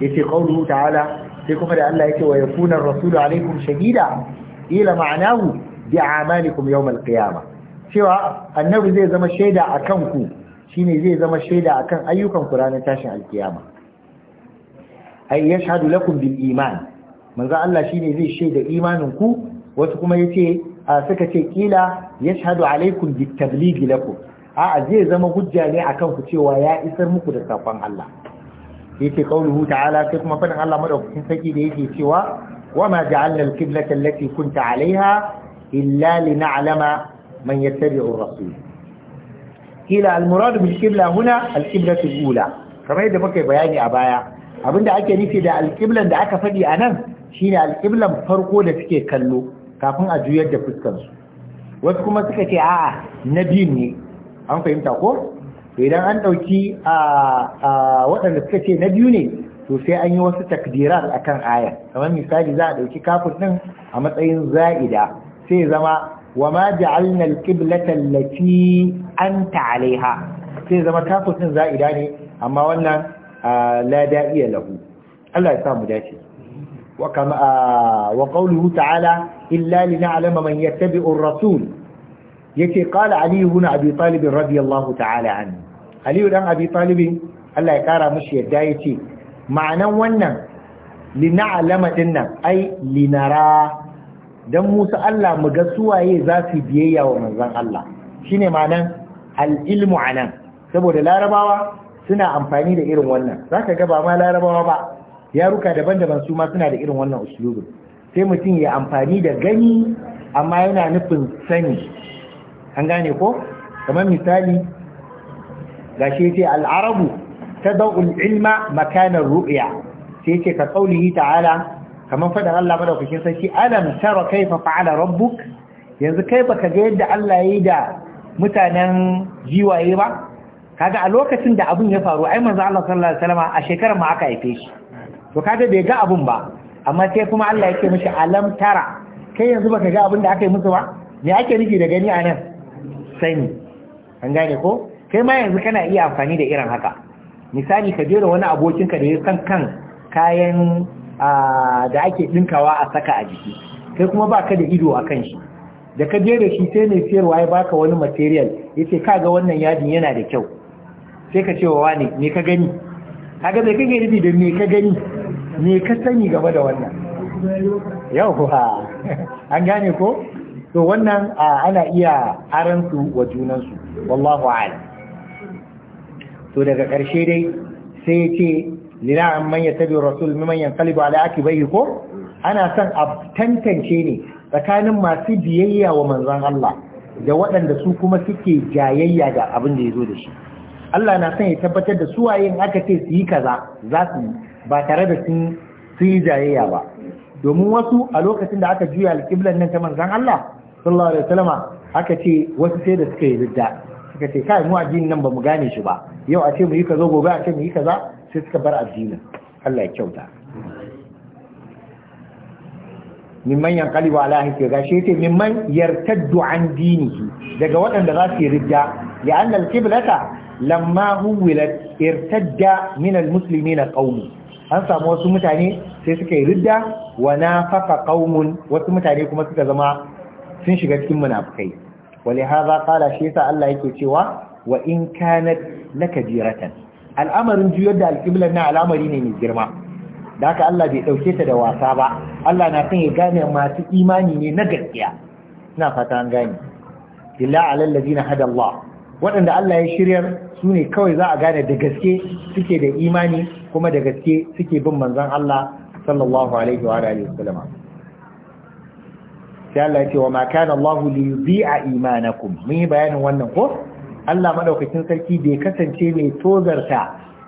yace qauluhu ta'ala sai kuma da Allah ce wa yakuna ar-rasulu alaikum shahida ila ma'anahu bi a'malikum yawm al-qiyamah cewa annabi zai zama shaida akan ku shine zai zama shaida akan ayyukan ku ranar tashin alkiyama ai yashhadu lakum bil iman manzo Allah shine zai shaida imanin ku wasu kuma yace suka ce kila yashhadu alaikum bit tabligh lakum a'a zai zama hujja ne akan ku cewa ya isar muku da sakon Allah yace qauluhu ta'ala sai kuma fadin Allah madaukakin saki da yake cewa wama ja'alna al-qiblata allati kunta 'alayha illa lin'alama man yattabi'u ar-rasul kila al-murad bil qibla huna al-qiblatu al-ula kamar yadda muka bayani a baya Abin da ake nufi da alƙiblan da aka faɗi a nan shi ne alƙiblan farko da suke kallo kafin a juyar da fuskansu wasu kuma suka ce a'a na biyun ne an fahimta ko to idan an ɗauki a waɗanda suka ce na biyu ne to sai an yi wasu takdirar kan aya kamar misali za a ɗauki kafin ɗin a matsayin za'ida sai zama wa ma ja'alna alqiblata allati anta alaiha sai zama kafin ɗin za'ida ne amma wannan la da'iya lahu Allah ya sa mu dace wa kama wa qawluhu ta'ala illa lin'alama man yattabi'u rasul yace qala ali ibn abi talib radiyallahu ta'ala anhu ali dan abi talib Allah ya kara mishi yadda yace ma'anan wannan lin'alama dinnan ai linara dan Musa Allah mu ga suwaye za su biyayya wa manzon Allah shine ma'anan al-ilmu anan saboda larabawa suna amfani da irin wannan zaka ga ba ma larabawa ba yaruka daban-daban su ma suna da irin wannan usulubin sai mutum ya amfani da gani amma yana nufin sani an gane ko kamar misali Ga shi ce al'arabu ta zau'ul ilma makanar ru'ya sai ce ka tsaulihi ta'ala kamar faɗin Allah kushin sarki alam tara fa fa'ala rabbuk yanzu kai baka ga yadda Allah ya yi da mutanen jiwaye ba kaga a lokacin da abin ya faru ai manzo Allah sallallahu alaihi wasallam a shekarar ma aka haife shi to kaga bai ga abun ba amma sai kuma Allah yake mishi alam tara kai yanzu baka ga abun da aka yi musu ba me ake nufi da gani anan sani an gane ko kai ma yanzu kana iya amfani da irin haka misali ka jera wani abokinka da ya san kan kayan da ake dinkawa a saka a jiki kai kuma baka da ido a kan shi da ka je da shi sai mai siyarwa ya baka wani material ce kaga wannan yadin yana da kyau sai ka ce wa wani me ka gani kaga zai kake nufi da me ka gani me ka sani game da wannan yauwa (laughs) an gane ko to wannan ana iya aransu wa junansu wallahu a'ala to daga ƙarshe dai sai ya ce lina an manya tabi rasul mimman yankalibu ala aki bai ko ana son a tantance ne tsakanin masu biyayya wa manzon Allah da waɗanda su kuma suke jayayya da abin da ya zo da shi Allah na son ya tabbatar da su waye in aka ce su yi kaza za su yi ba tare da sun yi jayayya ba domin wasu a lokacin da aka juya alƙiblan nan ta manzan Allah sallallahu alaihi wasallama aka ce wasu sai da suka yi ridda suka ce kai mu addinin nan ba mu gane shi ba yau a ce mu yi kaza gobe a ce mu yi kaza sai suka bar addinin Allah ya kyauta mimman yankali wa ala hake gashi yace mimman yartaddu an dinihi daga waɗanda za su yi ridda ya anna al lamma huwilat irtadda min na qaumun an samu wasu mutane sai suka yi ridda wa nafaqa qaumun wasu mutane kuma suka zama sun shiga cikin munafikai walihaza qala shi yasa Allah yake cewa wa in kanat lakabiratan al'amarin juyar da alƙiblar na al'amari ne mai girma da haka Allah bai ɗauke ta da wasa ba Allah na kan ya gane masu imani ne na gaskiya ina fata an gane illa alal ladina hada Allah waɗanda Allah ya shiryar su ne kawai za a gane da gaske suke da imani kuma da gaske suke bin manzan Allah sallallahu alaihi wa alihi wasallam sai Allah ya ce wa ma kana Allah li yudhi'a imanakum mun yi bayanin wannan ko Allah maɗaukacin sarki bai kasance mai tozarta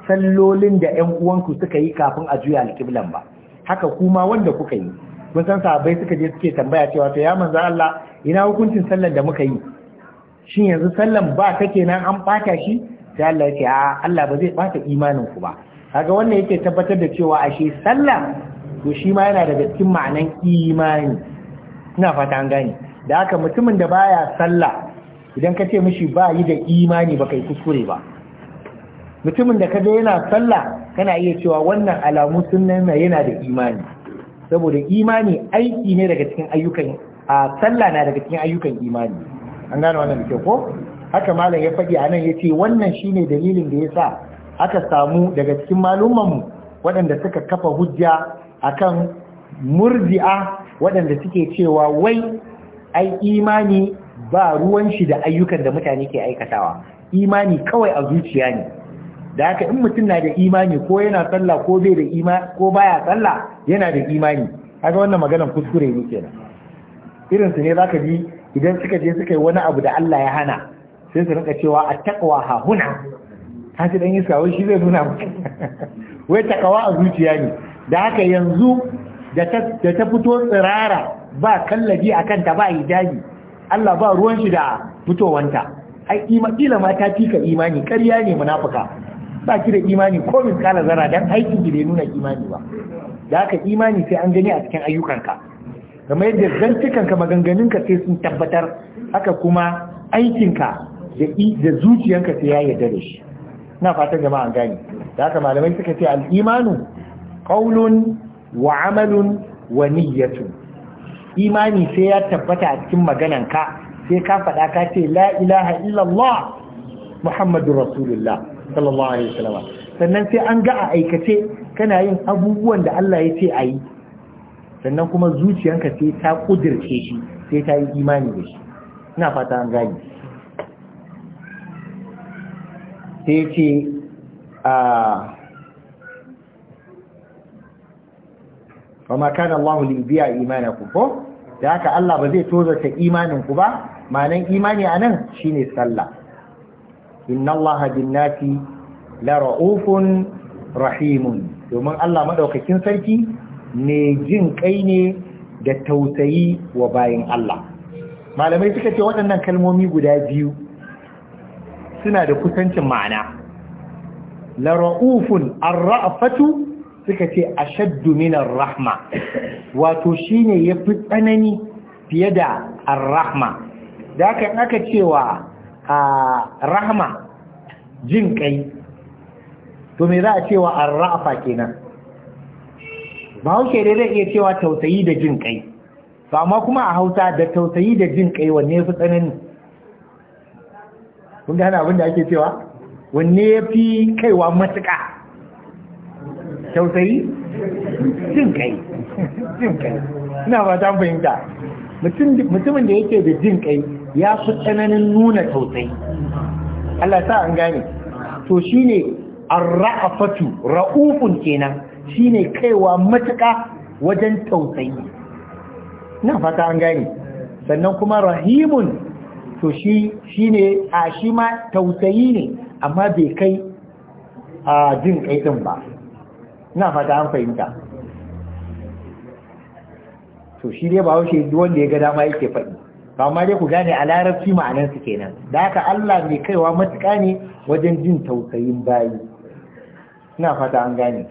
sallolin da 'yan uwanku suka yi kafin a juya alƙiblan ba haka kuma wanda kuka yi kun san sahabbai suka je suke tambaya cewa to ya manzan Allah ina hukuncin sallar da muka yi shin yanzu sallan ba ta kenan an ɓata shi sai Allah ya ce, a Allah ba zai bata imanin ku ba kaga wannan yake tabbatar da cewa ashe sallah to shi ma yana daga cikin ma'anan imani ina fata an gane da haka mutumin da baya sallah idan ka ce mishi ba yi da imani ba kai kuskure ba mutumin da kaje yana sallah kana iya cewa wannan alamu sunna yana da imani saboda imani aiki ne daga cikin ayyukan a sallah na daga cikin ayyukan imani an gane wannan da ko haka malam ya faɗi anan nan ya ce wannan shine dalilin da ya sa aka samu daga cikin malumanmu waɗanda suka kafa hujja a kan murji'a waɗanda suke cewa wai ai imani ba ruwan shi da ayyukan da mutane ke aikatawa imani kawai a zuciya ne da haka in mutum na da imani ko yana sallah ko bai da imani ko baya sallah yana da imani kaga wannan maganar kuskure ne kenan irin su ne zaka ji idan suka je suka yi wani abu da Allah ya hana sai su rinka cewa a taqwa ha huna ta ce dan iska wai shi zai nuna (laughs) wai takawa a zuciya ne da haka yanzu da ta fito tsirara ba kallabi a kanta ba hijabi Allah ba ruwan shi da fitowanta ai kila ma ta fika imani ƙarya ne munafuka ba ki da imani ko min kala zara dan aikin ki bai nuna imani ba da haka imani sai an gani a cikin ayyukanka kamar yadda zantukanka maganganunka sai sun tabbatar haka kuma aikinka da zuciyanka sai ya yarda da shi na fatan jama'a gani da haka malamai suka ce al'imanu qaulun wa amalun wa niyyatun imani sai ya tabbata a cikin magananka sai ka faɗa ka ce la ilaha illallah muhammadur rasulullah sallallahu alaihi wasallam sannan sai an ga a aikace kana yin abubuwan da Allah ya ce a yi sannan kuma zuciyanka sai ta kudirce shi sai ta yi imani da shi ina fata an gani sai ce a ah, wama kana Allah biya ku ko da haka Allah ba zai ta imanin ku ba Manan imani a nan shi ne sallah inna Allah binnati la ra'ufun rahimun domin Allah maɗaukakin sarki ne jin kai ne da tausayi wa bayin Allah malamai suka ce waɗannan kalmomi guda biyu suna da kusancin ma'ana la ra'ufun ar-ra'fatu suka ce ashaddu min ar-rahma wato shine yafi tsanani fiye da ar-rahma da haka aka cewa rahma jin kai to me za a cewa ar-ra'fa kenan bahaushe dai zai iya cewa tausayi da jin kai to amma kuma a hausa da tausayi da jin kai wanne fi tsanani kun gane abin da ake cewa wanne ya fi kaiwa matuƙa tausayi jin kai (laughs) jin kai ina ba ta fahimta mutumin da yake da jin kai ya fi tsananin nuna tausayi Allah sa an gane to shine ar-ra'afatu ra'ufun kenan Shi ne kaiwa matuƙa wajen tausayi na fata an gane sannan kuma rahimun to shi ne a shi ma tausayi ne amma bai kai a jin kai ba na fata an fahimta to shi dai ba haushe wanda ya ga dama yake faɗi ba ma dai ku gane a larabci ma'anansu kenan da haka Allah mai kaiwa matuƙa ne wajen jin tausayin bayi ina fata an gane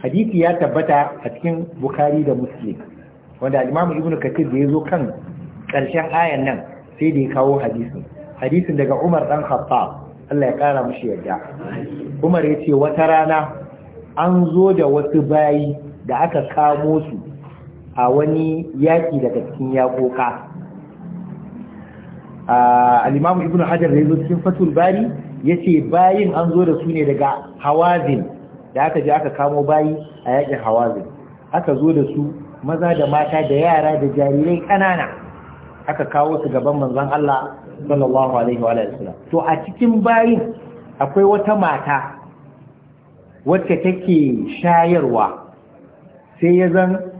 hadisi ya tabbata a cikin bukari da muslim wanda imamu ibnu kathir da ya zo kan ƙarshen ayan nan sai da ya kawo hadisin hadisin daga umar ɗan khattab Allah ya kara mushi yarda umar ya ce wata rana an zo da wasu bayi da aka kamo su a wani yaƙi daga cikin yaƙoƙa al Alimamu ibnu hajar da ya zo cikin fatul bari yace bayin an zo da su ne daga hawazin da aka je aka kamo bayi a yakin hawazin aka zo da su maza da mata da yara da jarirai ƙanana, aka kawo su gaban manzon Allah sallallahu alaihi wa sallam to a cikin bayin akwai wata mata wacce take shayarwa sai ya zan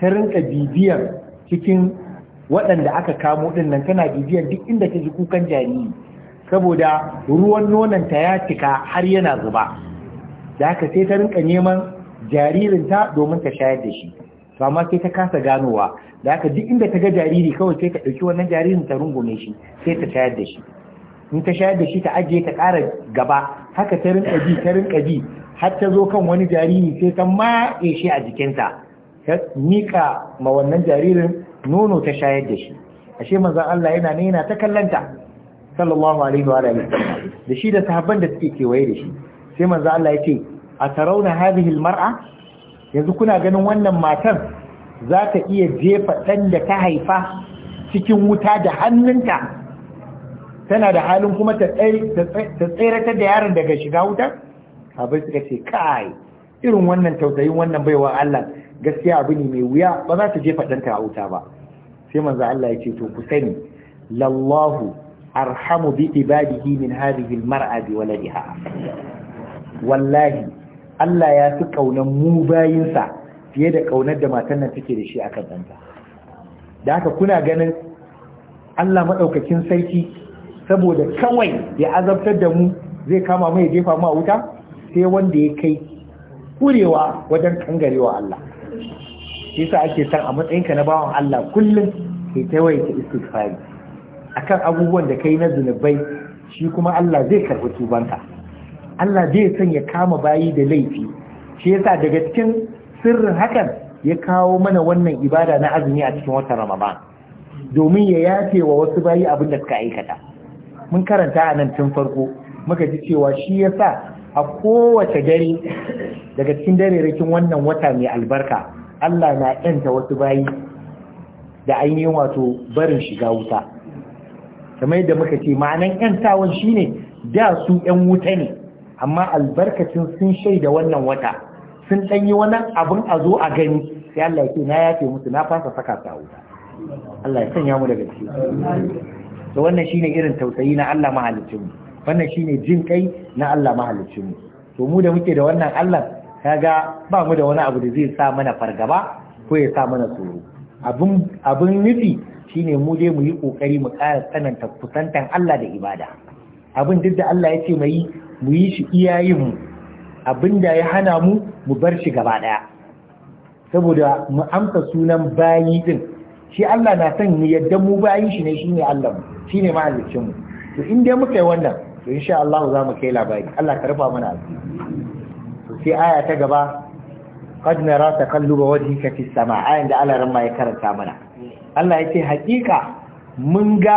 ta rinka bibiyar cikin waɗanda aka kamo ɗin nan tana bibiyar duk inda ta ji kukan jariri saboda ruwan nonanta ya cika har yana zuba da haka sai ta rinka neman jaririnta domin ta shayar da shi to amma sai ta kasa ganowa da haka duk inda ta ga jariri kawai sai ta ɗauki wannan jaririn ta rungume shi sai ta shayar da shi in ta shayar da shi ta ajiye ta ƙara gaba haka ta rinka ji, ta rinka ji. har ta zo kan wani jariri sai ta matse shi a jikinta ta miƙa ma wannan jaririn nono ta shayar da shi ashe manzon Allah yana ne yana ta kallanta sallallahu alaihi wa alihi da shi da sahabban da suke kewaye da shi sai manzo Allah ya ce a tarauna hadhihi almar'a yanzu kuna ganin wannan matar za iya jefa ɗan da ta haifa cikin wuta da hannunta tana da halin kuma ta tseratar da yaron daga shiga wuta abin suka ce kai irin wannan tausayin wannan baiwa Allah gaskiya abu ne mai wuya ba za ta jefa ɗanta a wuta ba sai manzo Allah ya ce to ku sani lallahu arhamu bi ibadihi min hadhihi almar'a bi waladiha wallahi Allah ya fi kaunan mu bayinsa fiye da kaunar da matan nan take da shi akan ɗanta da haka kuna ganin Allah maɗaukacin sarki saboda kawai ya azabtar da mu zai kama mai jefa mu a wuta sai wanda ya kai kurewa wajen kangarewa Allah shi yasa ake san a matsayinka na bawan Allah kullum kai ta waye ta istighfari akan abubuwan da kai na zunubai shi kuma Allah zai karɓi tubanka Allah zai san ya kama bayi da laifi shi yasa daga cikin sirrin hakan ya kawo mana wannan ibada na azumi a cikin watan Ramadan domin ya yafe wa wasu bayi abin da suka aikata mun karanta a nan tun farko muka ji cewa shi yasa a kowace dare daga cikin darerakin wannan wata mai albarka Allah na yanta wasu bayi da ainihin wato barin shiga wuta kamar yadda muka ce ma'anan yan tawon shine da su yan wuta ne amma albarkacin sun shaida wannan wata sun ɗanyi wannan abin a zo a gani sai Allah na yafe musu na fasa saka ta wuta Allah ya sanya mu daga ciki to wannan shine irin tausayi na Allah mahalicin wannan shine jin kai na Allah mahalicin to mu da muke da wannan Allah kaga ba mu da wani abu da zai sa mana fargaba ko ya sa mana tsoro abin nufi shine mu dai mu yi kokari mu ƙara tsananta kusantan Allah da ibada abin duk da Allah ya ce mu yi mu yi shi iyayenmu mu abin da ya hana mu mu bar shi gaba daya saboda mu amsa sunan bayi din shi Allah na son mu yadda mu bayi shi ne shine Allah mu shine ne mu to in dai muka yi wannan to insha Allah za mu kai labari Allah ka rufa mana asiri sai aya ta gaba qad nara taqalluba wajhika fi samaa ayin da Allah ran ya karanta mana Allah yace hakika mun ga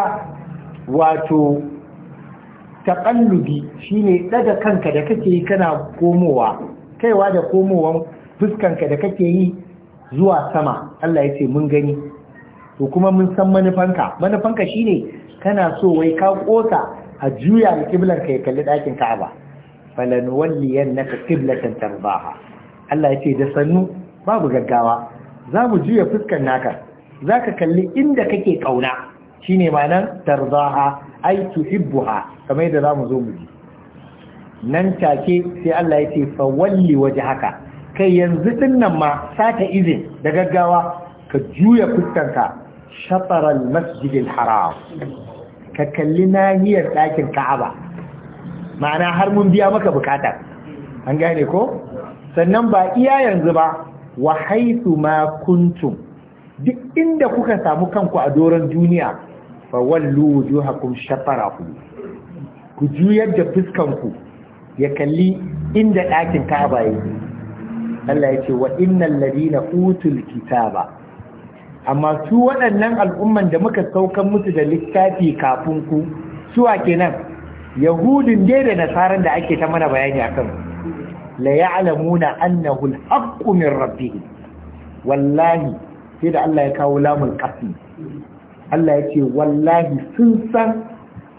wato taqallubi shine daga kanka da kake yi kana komowa kaiwa da komowan fuskanka da kake yi zuwa sama Allah yace mun gani to kuma mun san manufanka manufanka shine kana so wai ka kosa a juya da kiblar ka ya kalli dakin Ka'aba falan walliyan qiblatan tarbaha Allah ya ce da sannu babu gaggawa za mu juya fuskar naka za ka kalli inda kake ƙauna shi ne manan tarzaha ai tuhibbuha kamar yadda za mu zo mu ji nan take sai Allah ya ce fa walli waje haka kai yanzu din nan ma sata izin da gaggawa ka juya fuskanka shatar al-masjid al-haram ka kalli nahiyar ɗakin ka'aba ma'ana har mun biya maka bukata an gane ko sannan ba iya yanzu ba wa haithu ma kuntum duk inda kuka samu kanku a doron duniya fa wallu wujuhakum shatarahu ku juyar da fuskanku ya kalli inda ɗakin Ka'aba yake Allah ya ce wa innal ladina utul kitaba amma su waɗannan al'umman da muka saukan musu da littafi kafin ku su suwa kenan yahudin dai da nasaran da ake ta mana bayani akan la ya'lamuna annahu al-haqqu min rabbihim wallahi sai da Allah ya kawo lamul qasmi Allah ya wallahi sun san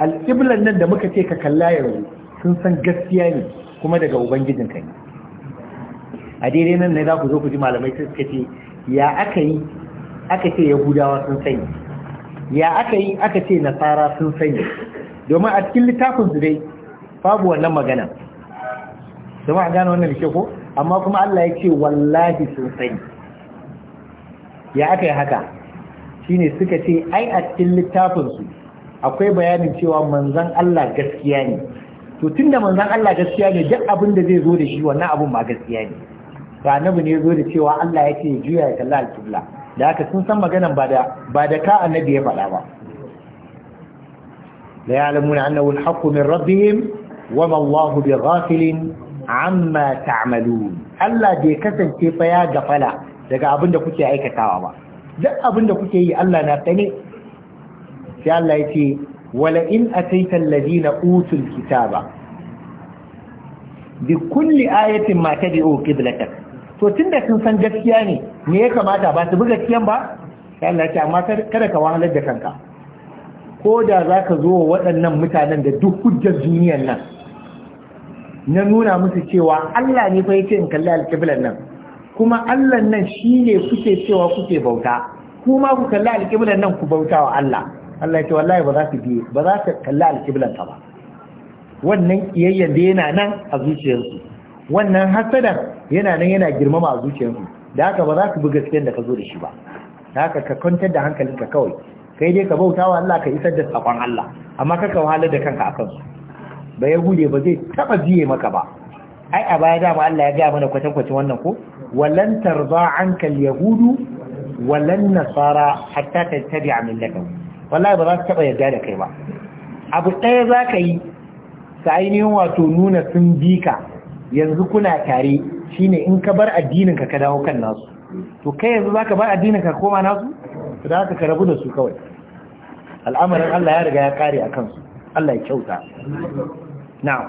al-qiblan nan da muka ce ka kalla yanzu sun san gaskiya ne kuma daga ubangijin kai a daidai nan ne za ku zo ku ji malamai suka ce ya aka yi aka ce yahudawa sun sani ya aka yi aka ce nasara sun sani domin a cikin littafin su dai babu wannan magana a gane wannan da ko amma kuma Allah ya ce wallahi sun sani ya aka yi haka shine suka ce ai a cikin littafinsu akwai bayanin cewa manzan Allah gaskiya ne to tunda manzan Allah gaskiya ne duk abin da zai zo da shi wannan abin ma gaskiya ne to annabi ne zo da cewa Allah ya ce juya ya kalla al da haka sun san maganan ba da ba da ka annabi ya faɗa ba la ya'lamuna annahu al-haqqu min rabbihim wa ma Allahu amma ta'malu Allah bai kasance fa ya gafala daga abin da kuke aikatawa ba duk abin da kuke yi Allah na tsane. sai Allah ya ce wala in ataita alladhina utul kitaba bi kulli ayatin ma tad'u qiblatak to tunda sun san gaskiya ne me ya kamata ba su bi gaskiyan ba sai Allah ya ce amma kada ka wahalar da kanka ko da zaka zo wa waɗannan mutanen da duk hujjar duniyar nan na nuna musu cewa Allah ne fa ce in kalli alƙiblar nan kuma Allah nan shine kuke cewa kuke bauta kuma ku kalli alƙiblar nan ku bauta wa Allah Allah ya ce wallahi ba za su biye ba za su kalli alƙiblar ta ba wannan kiyayyen da yana nan a zuciyarsu wannan hasadan yana nan yana girmama a zuciyarsu da haka ba za su bi gaskiyar da ka zo da shi ba Da haka ka kwantar da hankalinka kawai kai dai ka bauta wa Allah ka isar da sakon Allah amma kaka wahalar da kanka akan su ba ya gude ba zai taba biye maka ba ai a baya dama Allah ya ga mana kwatankwacin wannan ko walan tarza anka yahudu walan nasara hatta tattabi'a millatahum wallahi ba za su taba yarda da kai ba abu ɗaya za ka yi ta ainihin wato nuna sun bi ka yanzu kuna tare shine in ka bar addinin ka ka dawo kan nasu to kai yanzu za ka bar addinin ka koma nasu to da ka rabu da su kawai al'amarin Allah ya riga ya kare a kansu Allah ya kyauta na'am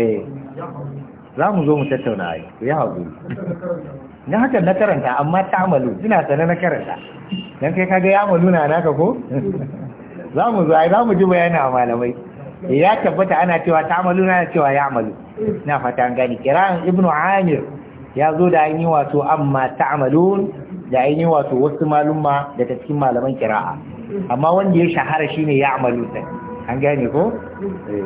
eh za mu zo mu tattauna ai ku yi haƙuri na haka na karanta amma ta amalu suna sanar na karanta don kai kaga ya amalu na naka ko (laughs) za mu zo ai za mu ji bayani a malamai eh, ya tabbata ana cewa ta amalu na cewa ya amalu na fata an gani kiran Ibn amir ya zo da ainihin wato amma ta amalu da ainihin wato wasu malumma daga cikin malaman kira'a amma wanda ya shahara shine ya amalu sai an gane ko eh.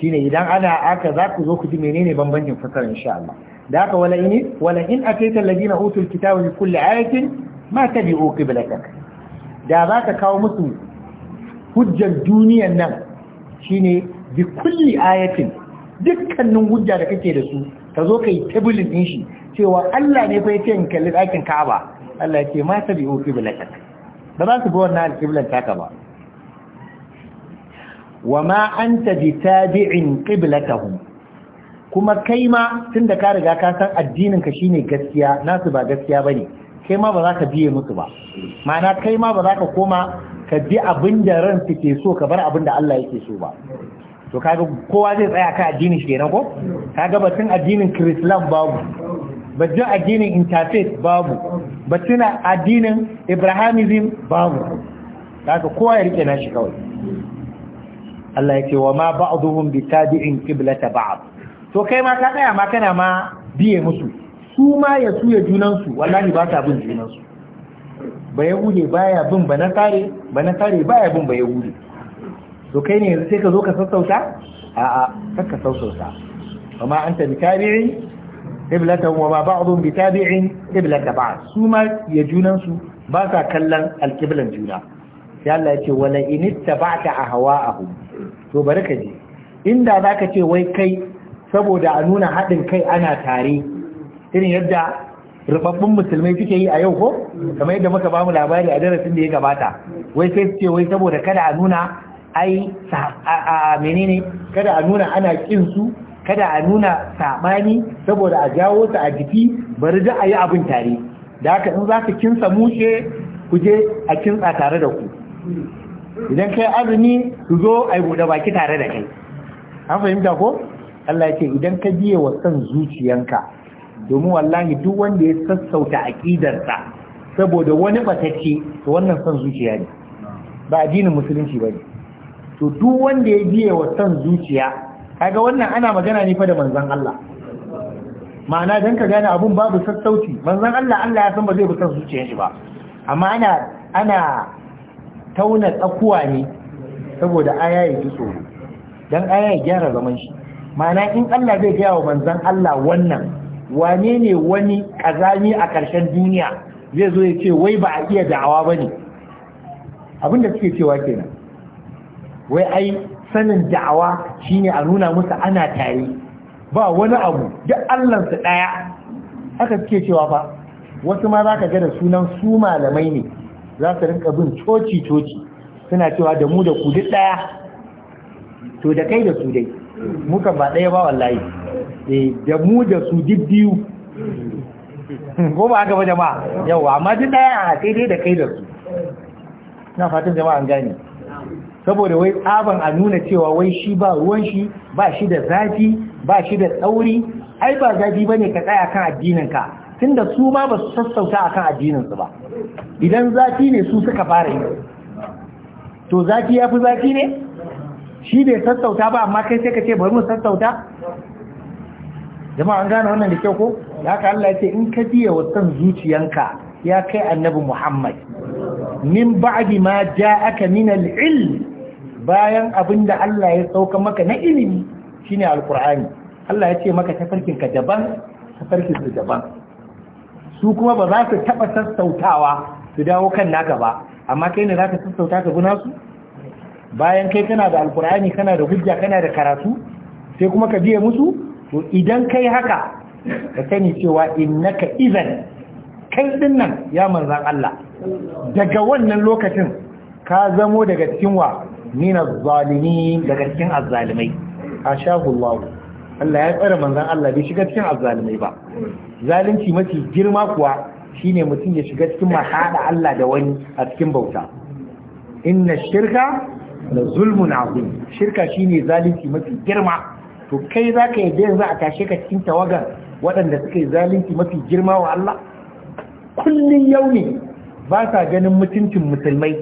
shine idan ana aka za ku zo ku ji menene bambancin fasara insha Allah da haka wala in wala in ataita alladina utul kitaba bi kulli ayatin ma tabi'u qiblatak da za ka kawo musu hujjar duniyar nan shine bi kulli ayatin dukkanin hujja da kake da su ka zo kai tabulin din shi cewa Allah ne fa yake in kalli dakin Kaaba Allah ya ce ma tabi'u qiblatak ba za su bi wannan alqiblan taka ba wa ma anta bitabi'in qiblatahum kuma kai ma tunda ka riga ka san addinin ka shine gaskiya nasu ba gaskiya bane kai ma ba za ka biye musu ba ma'ana kai ma ba za ka koma ka bi abin da ran ke so ka bar abin da Allah yake so ba to kaga kowa zai tsaya kan addinin shi kenan ko kaga batun addinin Islam babu batun addinin interfaith babu batun addinin Ibrahimism babu kaga kowa ya rike nashi kawai Allah ya ce wa ma ba'duhum bi tabi'in qiblata ba'd to kai ma ka tsaya ma kana ma biye musu su ma ya su ya junan su wallahi ba ta bin junan su ba yahude baya bin ba na tare ba na tare baya bin ba yahude to kai ne yanzu sai ka zo ka sassauta a'a kar ka sassauta Wa amma anta bi tabi'in qiblatan wa ma ba'dhum bi tabi'in qiblata ba'd su ma ya junan su ba sa kallon alqiblan juna sai Allah ya ce wala in ittaba'ta ahwa'ahum to bari ka je inda za ka ce wai kai saboda a nuna haɗin kai ana tare irin yadda rubabbun musulmai suke yi a yau ko kamar yadda muka bamu labari a darasin da ya gabata wai sai su ce wai saboda kada a nuna ai a menene kada a nuna ana kin su kada a nuna saɓani saboda a jawo su a jiki bari da a yi abin tare da haka in za ka kinsa mushe ku je a kinsa tare da ku idan kai azumi su zo yi buɗe baki tare da kai an fahimta ko Allah ya ce idan ka biye wa san zuciyanka domin wallahi duk wanda ya sassauta aqidarsa saboda wani batacce to wannan san zuciya ne ba addinin musulunci bane to duk wanda ya biye wa san zuciya kaga wannan ana magana ne fa da manzon Allah ma'ana dan ka gane abun babu sassauci manzon Allah Allah ya san ba zai bi san zuciyar shi ba amma ana ana tauna tsakuwa ne saboda aya ya ji tsoro don aya ya gyara zaman shi ma'ana in Allah zai gaya wa manzan Allah wannan wane ne wani ƙazami a ƙarshen duniya zai zo ya ce wai ba a iya da'awa ba ne abinda suke cewa kenan wai ai sanin da'awa shine a nuna musu ana tare ba wani abu duk allansu ɗaya aka suke cewa fa wasu ma za ka ga da sunan su malamai ne za su rinka bin coci-coci suna cewa da mu da ku duk ɗaya to da kai da su dai muka ba ɗaya ba wallahi eh da mu da su duk biyu ko ba haka jama'a yawa amma duk ɗaya a kai dai da kai da su na fatan jama'a an gane saboda wai tsaban a nuna cewa wai shi ba ruwan shi ba shi da zafi ba shi da tsauri ai ba zafi bane ka tsaya kan addininka tunda su ma ba su sassauta akan kan addininsu ba idan zafi ne su suka fara yi to zafi ya fi zafi ne shi bai sassauta ba amma kai sai ka ce bari mu sassauta jama'an gane wannan da kyau ko da haka Allah ya ce in ka biya wa san zuciyanka ya kai annabi Muhammad min ba'di ma ja'aka min al-ilm bayan abinda Allah ya sauka maka na ilimi shine alqur'ani Allah ya ce maka tafarkin ka daban tafarkin su daban su kuma ba za su taɓa sassautawa su dawo kan naka ba amma kai ne za ka sassauta ka guna su bayan kai kana da alkur'ani kana da hujja kana da karatu sai kuma ka biye musu to idan kai haka ka sani cewa innaka izan kai din nan ya manzan Allah daga wannan lokacin ka zamo daga cikin wa min az-zalimin daga cikin az-zalimai ashahullahu Allah ya tsare manzan Allah bai shiga cikin azzalumai ba zalunci mafi girma kuwa shine mutum ya shiga cikin mahaɗa Allah da wani a cikin bauta inna shirka la zulmun azim shirka shine zalunci mafi girma to kai zaka yi yanzu a tashe ka cikin tawagan waɗanda suka yi zalunci mafi girma wa Allah kullun yaumi ba sa ganin mutuncin musulmai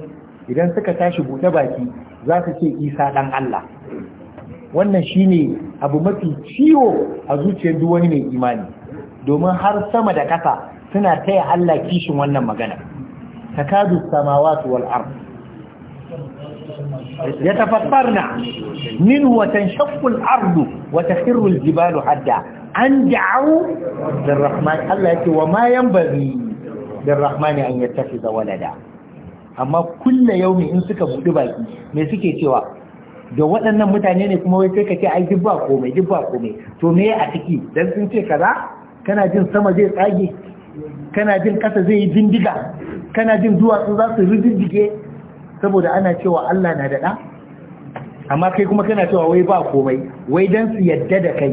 idan suka tashi buɗe baki za su ce Isa dan Allah wannan shine abu mafi ciwo a zuciyar duk wani mai imani domin har sama da ƙasa suna taya Allah kishin wannan magana takadu samawati wal ard yatafattarna minhu wa tanshaqqu al ardu wa takhirru al jibalu hadda an da'u rahman Allah yake wa ma yanbaghi lirrahmani an yattakhidha walada amma kullu yawmi in suka budi baki me suke cewa Da waɗannan mutane ne kuma wai sai ka ce ai duk ba komai duk ba komai to me a ciki dan sun ce kaza kana jin sama zai tsage kana jin ƙasa zai yi dindiga kana jin duwatsu za su rididdige saboda ana cewa Allah na da ɗa amma kai kuma kana cewa wai ba komai wai dan su yadda da kai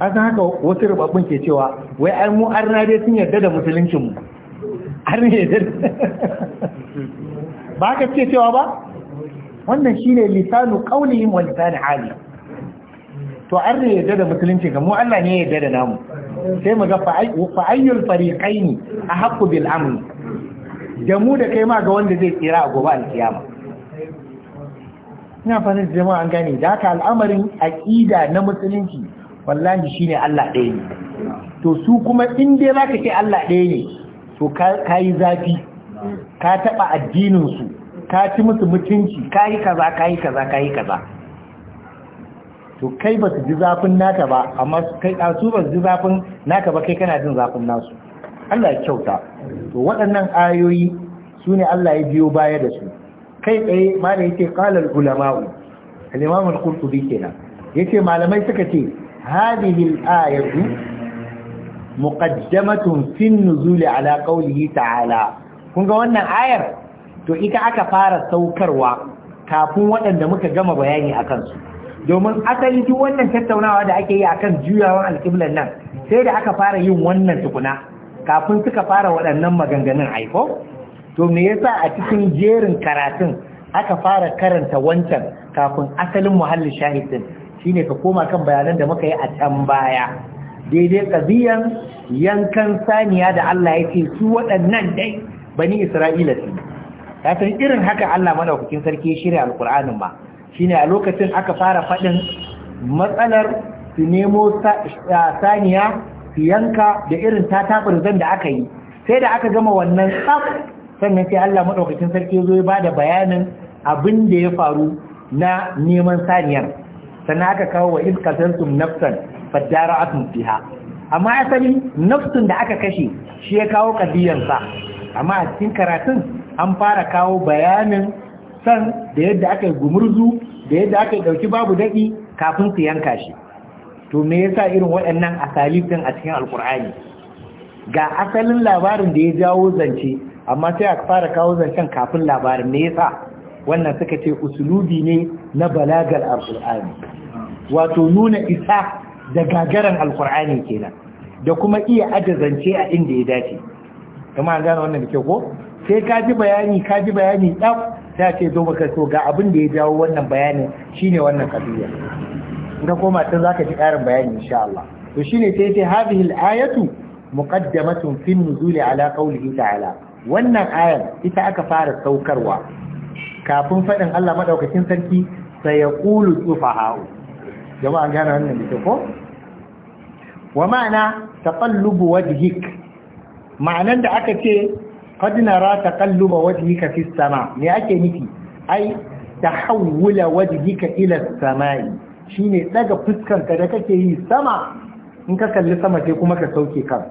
a san haka wasu rubabbin ke cewa wai ai mu arna dai sun yadda da musuluncin mu har ne da (laughs) ba ka ce cewa ba wannan shine lisanu yin wa lisanu hali to an ne yadda da musulunci ga mu Allah ne yadda da namu sai mu ga fa'ayyul fariqaini haƙƙu bil amn da mu da kai ma ga wanda zai tsira a gobe alkiyama ina da jama'a an gane da haka al'amarin aqida na musulunci wallahi shine Allah ɗaya ne to su kuma in dai zaka ce Allah ɗaya ne to ka yi zafi ka taɓa addininsu ka ci musu mutunci ka yi kaza ka yi kaza ka yi kaza to kai ba su ji zafin naka ba amma kai su ba su ji zafin naka ba kai kana jin zafin nasu Allah ya kyauta to waɗannan ayoyi su ne Allah ya biyo baya da su kai tsaye ma da yake qalal ulama'u al-imam al-qurtubi kenan yace malamai suka ce hadhihi al-ayatu muqaddamatun fi an-nuzul ala qawlihi ta'ala kun ga wannan ayar to ita aka fara saukarwa kafin waɗanda muka gama bayani a kansu domin asali duk wannan tattaunawa da ake yi akan juyawan alƙiblar nan sai da aka fara yin wannan tukuna kafin suka fara waɗannan maganganun aiko to me yasa a cikin jerin karatun aka fara karanta wancan kafin asalin muhallin shahidin shine ka koma kan bayanan da muka yi a can baya daidai kabiyan yankan saniya da Allah ya ce su waɗannan dai bani Isra'ila su Ya san irin haka Allah madaukakin sarki shirya alkur'anin ma shine a lokacin aka fara faɗin matsalar su nemo saniya su yanka da irin tatabarzan da aka yi sai da aka gama wannan tsaf sannan sai Allah madaukakin sarki zo ya da bayanin abin da ya faru na neman saniyar sannan aka kawo wa iskatantum nafsan fadara'atun fiha amma asali nafsun da aka kashe shi ya kawo kadiyansa amma a cikin karatun an fara kawo bayanin san da yadda aka yi gumurzu da yadda aka yi ɗauki babu daɗi kafin su yanka shi to me yasa irin waɗannan asalifin a cikin alkur'ani ga asalin labarin da ya jawo zance amma sai aka fara kawo zancen kafin labarin me yasa wannan suka ce usulubi ne na balagar alkur'ani wato nuna isa da gagaran alkur'ani kenan da kuma iya zance a inda ya dace kuma an gane wannan da ke ko sai ka ji bayani ka ji bayani ɗan ta ce zo baka so ga abin da ya jawo wannan bayani shine wannan kabiya ga koma ta zaka ji ƙarin bayani insha Allah to shine sai ce hadhihi ayatu muqaddamatun fi nuzuli ala qawlihi ta'ala wannan ayar ita aka fara saukarwa kafin faɗin Allah maɗaukacin sarki sai ya qulu tufahau jama'an gane wannan dake ko wa ma'ana taqallubu wajhik ma'anan da aka ce qad nara taqalluba wajhika fi sama me ake nufi ai tahawwula wajhika ila samai shine daga fuskanka da kake yi sama in ka kalli sama sai kuma ka sauke kan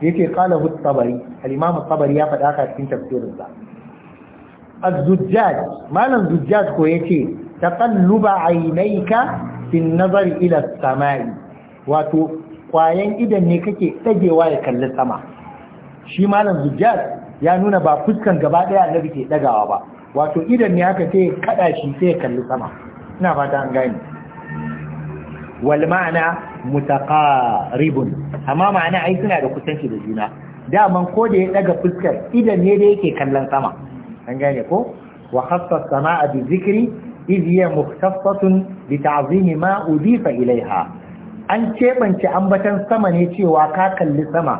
yake kala hu tabari al-imam tabari ya faɗa haka cikin tafsirin sa az-zujjaj malam zujjaj ko yace takalluba aynayka bin nazar ila wato kwayan idan ne kake dagewa ya kalli sama shi malam Zujjar ya nuna ba fuskan gaba daya annabi ke dagawa ba wato idan ne haka sai kada shi sai kalli sama ina fata an gane wal ma'ana mutaqaribun amma ma'ana ai suna da kusanci da juna dama ko da ya daga fuskar idan ne da yake kallon sama an gane ko wa khassa samaa bi zikri idh hiya mukhtassatun bi ta'zimi ma udifa ilaiha an cebance ambatan sama ne cewa ka kalli sama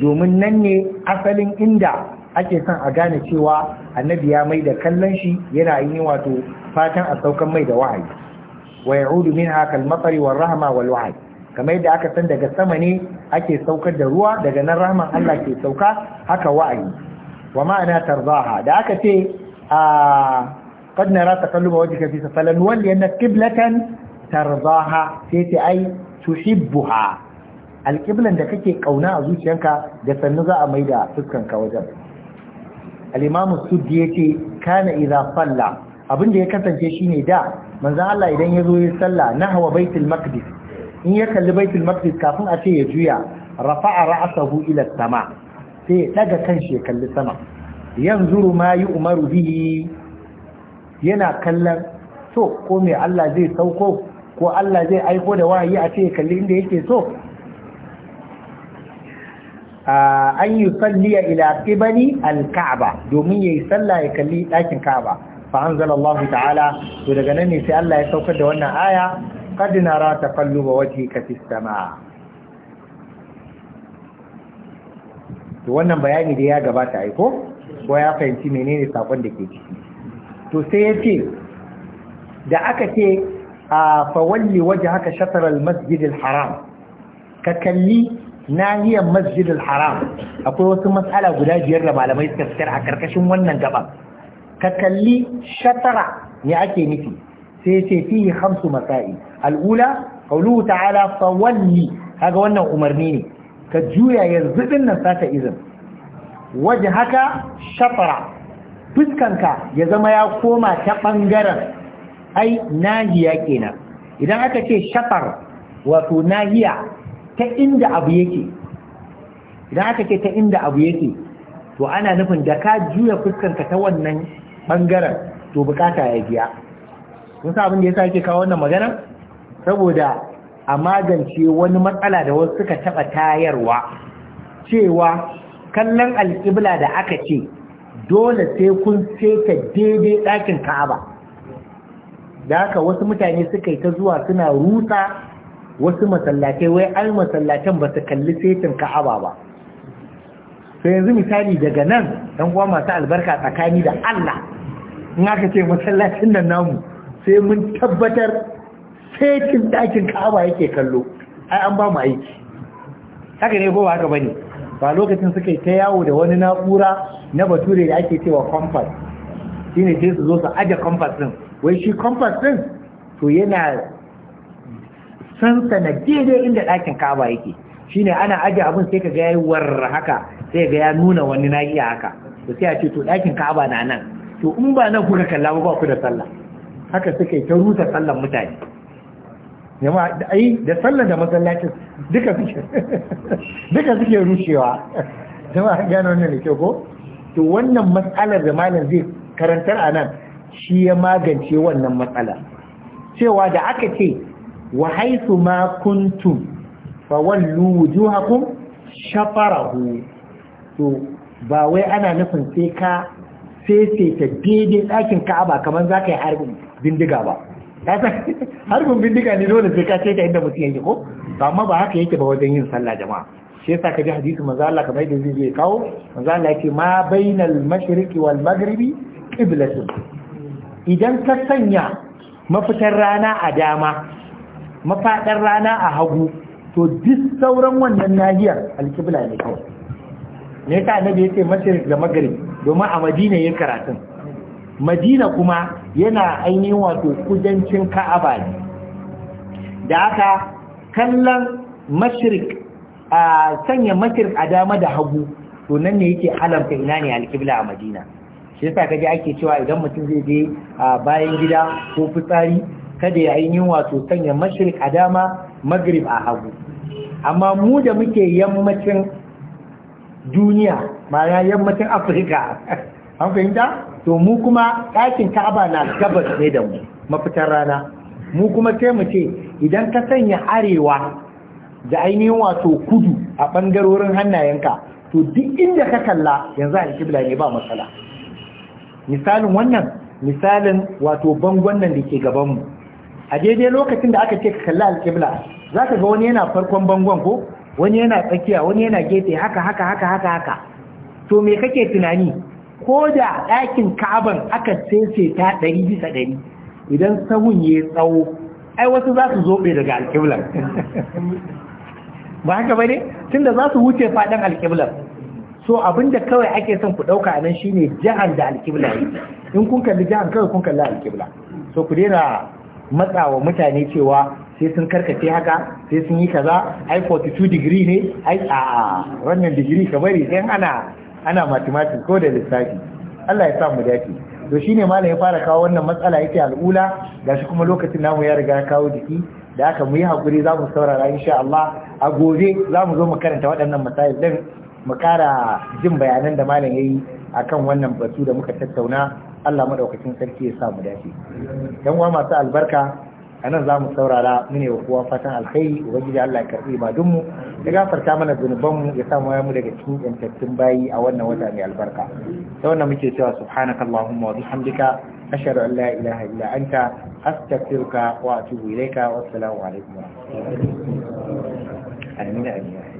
domin nan ne asalin inda ake son a gane cewa annabi ya mai da kallon shi yana yi wato fatan a saukan mai da wahayi wa ya'udu min kal matsari wal rahma wal kamar yadda aka san daga sama ne ake saukar da ruwa daga nan rahman Allah ke sauka haka wa'ayi wa ma'ana tarzaha da aka ce a qad nara taqalluba wajhika fi salan wal yanna qiblatan tarzaha sai ce ai tuhibbuha alƙiblan da kake ƙauna a zuciyarka, da sannu za a maida fuskanka wajen al'imamu suddi ya ce kana iza falla abin da ya kasance shine da manzan Allah idan ya zo ya salla na hawa baitul maqdis in ya kalli baitul maqdis kafin a ce ya juya rafa'a ra'asahu ila sama sai ya daga kan shi ya kalli sama yanzuru ma umaru bihi yana kallon so ko me Allah zai sauko ko Allah zai aiko da wahayi a ce ya kalli inda yake so an yi salliya ila qibali al-ka'ba domin yayi sallah ya kalli dakin ka'aba fa anzalallahu ta'ala to daga nan ne sai Allah ya saukar da wannan aya qad nara taqalluba wajhika fis samaa to wannan bayani da ya gabata ai ko ko ya fahimci menene sakon da ke ciki to sai ya ce da aka ce a walli waje haka shatar al haram ka kalli nahiyar masjidil haram akwai wasu matsala guda biyar da malamai suka fitar a karkashin wannan gaba ka kalli shatara ne ake nufi sai ce fihi hamsu masa'i al'ula qawluhu ta'ala fawalli kaga wannan umarni ne ka juya yanzu din nan sata izin waje haka shatara fuskanka ya zama ya koma ta bangaren ai nahiya kenan idan aka ce shatar wato nahiya ta inda abu yake idan aka ce ta inda abu yake to ana nufin da ka juya fuskanka ta wannan bangaren to bukata ya biya kun sa abin da yasa yake kawo wannan magana saboda a magance wani matsala da wasu suka taba tayarwa cewa kallon alƙibla da aka ce dole sai kun seta daidai ɗakin ka'aba da haka wasu mutane suka yi ta zuwa suna rusa wasu masallatai wai ai masallatan ba su kalli setin ka'aba ba to yanzu misali daga nan dan uwa masu albarka tsakani da Allah in aka ce masallacin nan namu sai mun tabbatar setin ɗakin ka'aba yake kallo ai an ba mu aiki haka ne ko ba haka bane ba lokacin suka yi ta yawo da wani na'ura na bature da ake cewa compass shine sai su zo su aje compass din wai shi compass din to yana Sansana na daidai inda ɗakin kaba yake shine ana aje abin sai ka ga yi war haka sai ga ya nuna wani na iya haka da sai a ce to ɗakin kaba na nan to in ba nan kuka kalla ba ku da sallah haka suka yi ta rusa sallan mutane yamma ai da sallan da masallacin duka suke (laughs) duka suke rushewa (laughs) jama'a gano wannan ne ko to wannan matsalar da malam zai karantar a nan shi ya magance wannan matsala cewa da aka ce wa haythu ma kuntum fawallu wujuhakum shafarahu to ba wai ana nufin sai ka ta daidai ɗakin ka'aba kamar za ka yi harbin bindiga ba (laughs) harbin bindiga ne dole sai ka ta inda mutum yake ko ba amma ba haka yake ba wajen yin sallah jama'a shi yasa ka ji hadisi manzo Allah kamar yadda zai kawo manzo Allah yake ma bainal mashriqi wal maghribi qiblatun idan ka sanya mafitar rana a dama mafaɗar rana a hagu to duk sauran wannan nahiyar alkibla ne kawai ne ta annabi yake mashirik da magari domin a madina yin karatun madina kuma yana ainihin wato kudancin ka'aba ne da aka kallon mashirik a sanya mashirik a dama da hagu to nan ne yake alamta ina ne alkibla a madina shi yasa kaje ake cewa idan mutum zai je bayan gida ko fitsari kada ya ainihin wato sanya mashirik a dama magrib a hagu amma mu da muke yammacin duniya ma'ana yammacin afirka (laughs) an fahimta to mu kuma ɗakin ka'aba na gabas ne da mu mafitar rana mu kuma sai mu ce idan ka sanya arewa da ainihin wato kudu a ɓangarorin hannayenka to duk inda ka kalla yanzu kibla ne ba matsala misalin wannan misalin wato bangon nan da ke gabanmu a daidai lokacin da aka ce ka kalli alƙibla za ka ga wani yana farkon bangon ko wani yana tsakiya wani yana gefe haka haka haka haka haka to me kake tunani ko da ɗakin ka'aban aka sese ta ɗari bisa ɗari idan sahun ya tsawo ai wasu za su zoɓe daga alƙiblar (laughs) ba haka ba ne tun da za su wuce faɗin alƙiblar so abinda kawai ake son ku ɗauka a nan shine jihar da alƙiblar in kun kalli jihar kawai kun kalli alƙiblar so ku daina matsawa mutane cewa sai sun karkace haka sai sun yi kaza ai 42 degree ne ai a wannan degree ka bari ana ana matematik ko da lissafi Allah ya sa mu dace to shine malam ya fara kawo wannan matsala yake al'ula gashi kuma lokacin namu ya riga kawo jiki da aka mu yi hakuri za mu saurara insha Allah a gobe za mu zo mu karanta waɗannan masail din mu kara jin bayanan da malam yayi akan wannan batu da muka tattauna Allah madaukakin sarki ya sa mu dace dan uwa masu albarka a nan zamu saurara mune wa kowa fatan alkhairi ubangiji Allah ya karbi mu ya gafarta mana mu ya samu ya mu daga cikin yantattun bayi a wannan wata mai albarka ta wannan muke cewa subhanakallahumma wa bihamdika ashhadu an la ilaha illa anta astaghfiruka wa atubu ilaika wa assalamu alaikum wa rahmatullahi amin amin